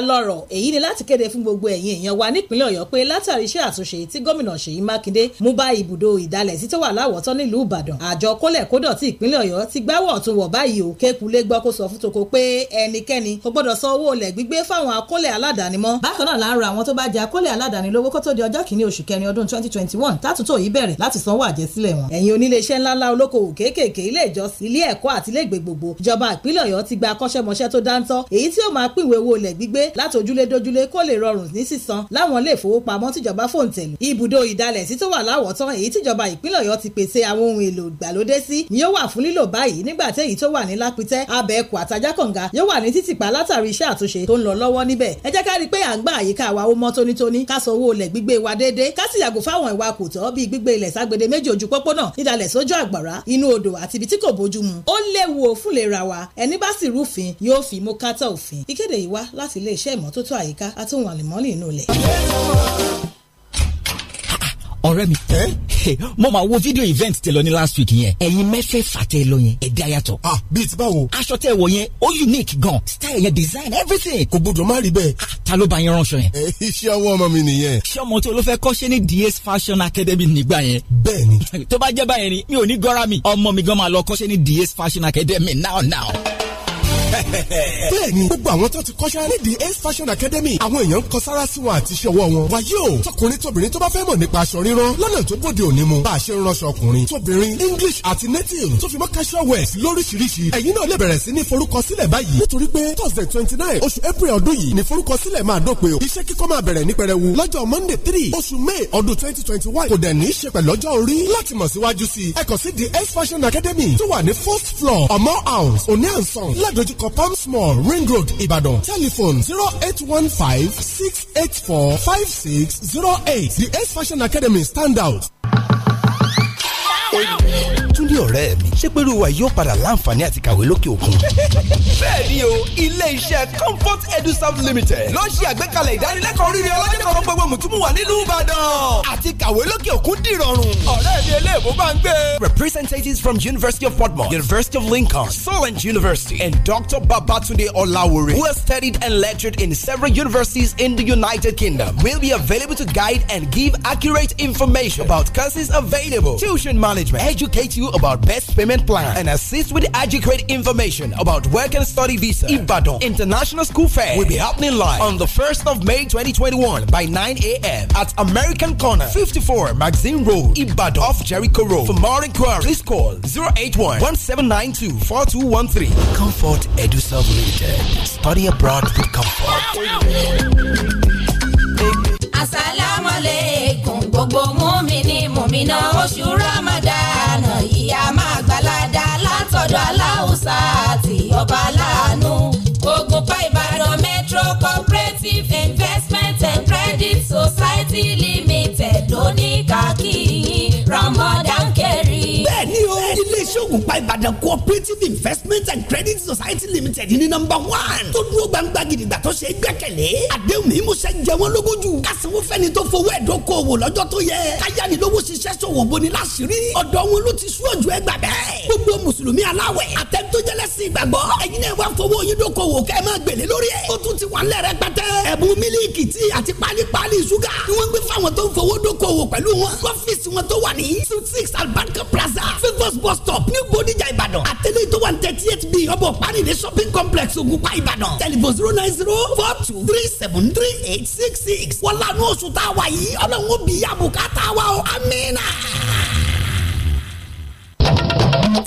lọ́rọ̀ èyí ni láti kéde fún gbogbo ẹ̀yin èèyàn wa nípínlẹ̀ ọ̀yọ́ pé látàrí iṣẹ́ àtúnṣe tí gómìnà ṣèyí mákindé mú bá ibùdó ìdálẹ̀ sí tó wà láwọ̀tọ́ nílùú ìbàdàn àjọ kólẹ̀ kódọ̀ tí ìpínlẹ̀ ọ̀yọ́ ti gbáwọ̀ tún wọ̀ báyìí o kékulé gbọ́ kó sọ fún toko pé ẹnikẹ́ni kò gbọ́dọ̀ san owó olẹ̀ gbígbé fáwọn akólẹ̀ aládàáni mọ́ bákan náà láàárọ̀ àwọn tó bá jẹ akólẹ̀ aládàáni lówó kó tó di ọjọ́ kìíní oṣù kẹrin ọdún twenty twenty one tátútò yìí bẹ̀rẹ̀ láti sanwó àjẹsílẹ̀ wọn láti ojúlé dojúlé kó lè rọrùn ní sísan láwọn ilé ìfowópamọ́ tíjọba fòǹtẹ̀lù ibùdó ìdalẹ̀sí tó wà láwọ̀tán èyí tíjọba ìpínlẹ̀ ọ̀yọ́ ti pèsè àwọn ohun èlò ìgbàlódé sí ni yóò wà fún lílò báyìí nígbà tí èyí tó wà ní lápítẹ́ abẹ́ẹ̀kù àtajákànga yóò wà ní títìpa látàrí iṣẹ́ àtúnṣe tó ń lọ lọ́wọ́ níbẹ̀ ẹ jẹ́ ká rí i pé à ń gba àyíká wa ó mọ́ tónítóní ká sọ owó ilẹ̀ gbígbé wa déédéé ká sì yàgò fáwọn ìwà kò tọ́ bíi gbígbé ilẹ̀ ságbede méjì ojú pópónà ìdalẹ̀ sójú àgbàrá inú odò àti ibi tí kò bójú mu ó léwu òfúnlera wa ẹni bá sì rúfin yóò fi mú kátà òfin ìkéde yìí wá láti ilé iléeṣẹ́ ìmọ́tótó àyíká àtòhun àlùmọ́ọ́lì inú ilẹ̀ ọ̀rẹ́ mi. mo máa wo video event tẹ lọ ní last week yẹn. ẹ̀yin mẹ́fẹ̀ẹ̀fà tẹ lọ yẹn ẹ̀dá yàtọ̀. ah bíi ti báwo. aṣọ tẹ wọ yẹn ó unique gan style yẹn design everything. kò gbọdọ̀ má rí bẹ́ẹ̀. Ah, ta ló bá yín ránṣọ yẹn. iṣẹ́ ọwọ́ ọmọ mi nìyẹn. ṣé tó ló fẹ́ kọ́ṣẹ́ ní DS Fashion Academy nígbà yẹn. bẹ́ẹ̀ni. tó bá jẹ́ báyẹn ni mi ò ní gọ́ra mi ọmọ mi gan máa lọ kọ́ṣẹ́ ní DS Fashion Academy now now. bẹ́ẹ̀ni gbogbo àwọn tó ti kọ́ṣẹ́ nídìí ace fashion academy àwọn èèyàn ń kọ sára sí wọn àti iṣẹ́ ọwọ́ wọn. wàyí o tọkùnrin tóbìnrin tó bá fẹ́ mọ̀ nípa aṣọ rírán lọ́nà tó bóde òní mu bá a ṣe ń ránṣọ ọkùnrin tóbìnrin english àti native tó fi mọ́ casual wears lóríṣiríṣi ẹ̀yin náà lè bẹ̀rẹ̀ sí ní forúkọsílẹ̀ báyìí nítorí pé thursday twenty nine oṣù april ọdún yìí ni forúkọsílẹ̀ máa dópin o iṣẹ́ kíkọ́ máa bẹ̀rẹ̀ ní pẹrẹwu lọ́jọ́ monday three oṣù may ọdún twenty twenty one kò dẹ̀ ní í ṣe pẹ̀lú ọjọ́ orí láti mọ̀ síwájú sí ẹ kàn sí the ace fashion academy tó wà ní first floor ọmọ house òní ànsán ládojúkọ palms small, ring road Ibadan telephone zero eight one five six eight four five six zero eight the S Fashion Academy stand out. Túndé ọ̀rẹ́ mi ṣé pẹ̀lú wa yóò padà láǹfààní àti kàwé lókè òkun. Bẹ́ẹ̀ni o ilé iṣẹ́ Comfort Edu South Limited ló ṣe àgbékalẹ̀ ìdánilẹ́kọ̀ọ́ rírẹ ọlọ́jọ́ kan gbogbo mùtúmùwà nílùú Ìbàdàn àti kàwé lókè òkun dìrọ̀rùn. ọ̀rẹ́ mi eléèbó bá ń gbé. Representatives from University of Portmore, University of Lincoln, Solent University, and Dr. Babatunde Olawore, who has studied and lectured in several universities in the United Kingdom, will be available to guide and give accurate information about courses available, tuition management management, educate you about best payment plan, and assist with adequate information about work and study visa. Ibadan International School Fair will be happening live on the 1st of May 2021 by 9 a.m. at American Corner, 54 Magazine Road, Ibadan, off Jericho Road. For more inquiries, please call 081 1792 4213. Comfort EduServe Limited. Study abroad with comfort. gbogbo investment credit society limited ló ní káàkì yín ramadan kẹrì. bẹ́ẹ̀ni o iléeṣẹ́ ògùnpá ìbàdàn cooperative investment and credit society limited ní nọ́mbà one tó dúró gbangba gidigba tó ṣe é gbẹ́kẹ̀lé àdéhùn ìmúṣẹ jẹ wọn lógójú kásìwò fẹ́ni tó fowó ẹ̀dókòwò lọ́jọ́ tó yẹ káyánilówó ṣiṣẹ́ ṣòwò boni láṣìírí ọ̀dọ̀ wọn ló ti sún òjò ẹgbà bẹ́ẹ̀ gbogbo mùsùlùmí aláwẹ̀ àtẹ̀tójẹ́lẹ́sìn ìgbàgbọ́ ẹ̀yin náà wá fowó yín dókòwò kẹ́ ẹ máa gbèlè lórí ẹ̀ ó tún ti wà lẹ́rẹ̀ẹ́pẹ́tẹ́ ẹ̀bùn mílíkì tí àti pálí páálí ṣúgà ni wọ́n gbé fáwọn tó ń fowó dókòwò pẹ̀lú wọn. lọ́fíìsì wọn tó wà ní six albarka plaza favours bus stop New bodijà ìbàdàn àtẹlẹ́ tó wà ní thirty eight b ọbọ̀ parí ní shopping complex ògùnpá ìbàdàn tẹlifon zero nine zero four two three seven three eight six six wọ́n lanu oṣù tá a wà yìí ọlọ́run ó bí yàbùkátà wa o amínà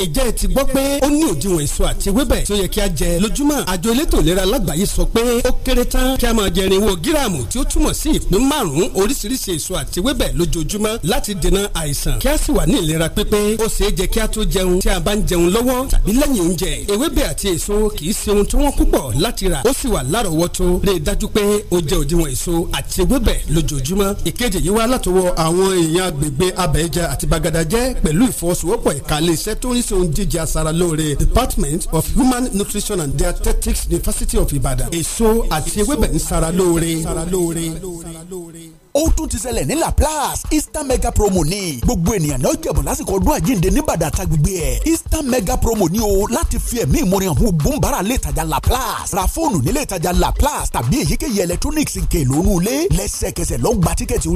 ìjẹ́ ẹ ti gbọ́ pé ó ní òdiwọ̀n èso àti ewébẹ̀ tí ó yẹ kí a jẹ lójúmọ́ àjọ elétò ìlera lágbàáyé sọ pé ó kéré tán kí a máa jẹ irinwó gíráàmù tí ó túmọ̀ sí ìpín márùn-ún oríṣiríṣi èso àti ewébẹ̀ lójoojúmọ́ láti dènà àìsàn kí a sì wà ní ìlera pípé ó ṣeé jẹ kí a tó jẹun tí a bá ń jẹun lọ́wọ́ tàbí lẹ́yìn oúnjẹ ewébẹ̀ àti èso kì í ṣe ohun tí wọ́n púpọ̀ láti rà ó sì iléeṣẹ́ tó ń rí sí oúnjẹ aṣara lóore department of human nutrition and dietetics university of ibadan èso àti ewébẹ̀ ń ṣara lóore. ó tún ti ṣẹlẹ̀ ní laplace eastern mega promo ní gbogbo ènìyàn náà jẹ̀bọ̀ lásìkò ọdún àjíǹde níbàdàn àtàgbègbè ẹ̀ eastern mega promo ní o láti fi ẹ̀mí ìmọ̀ràn àwọn bòńbàrà lè tajà laplace ra fóònù nílé ìtajà laplace tàbí èyíkéyìí electronics nkè lónú ilé lẹ́sẹ̀kẹsẹ̀ lọ́gbà tíkẹ́ẹ̀tì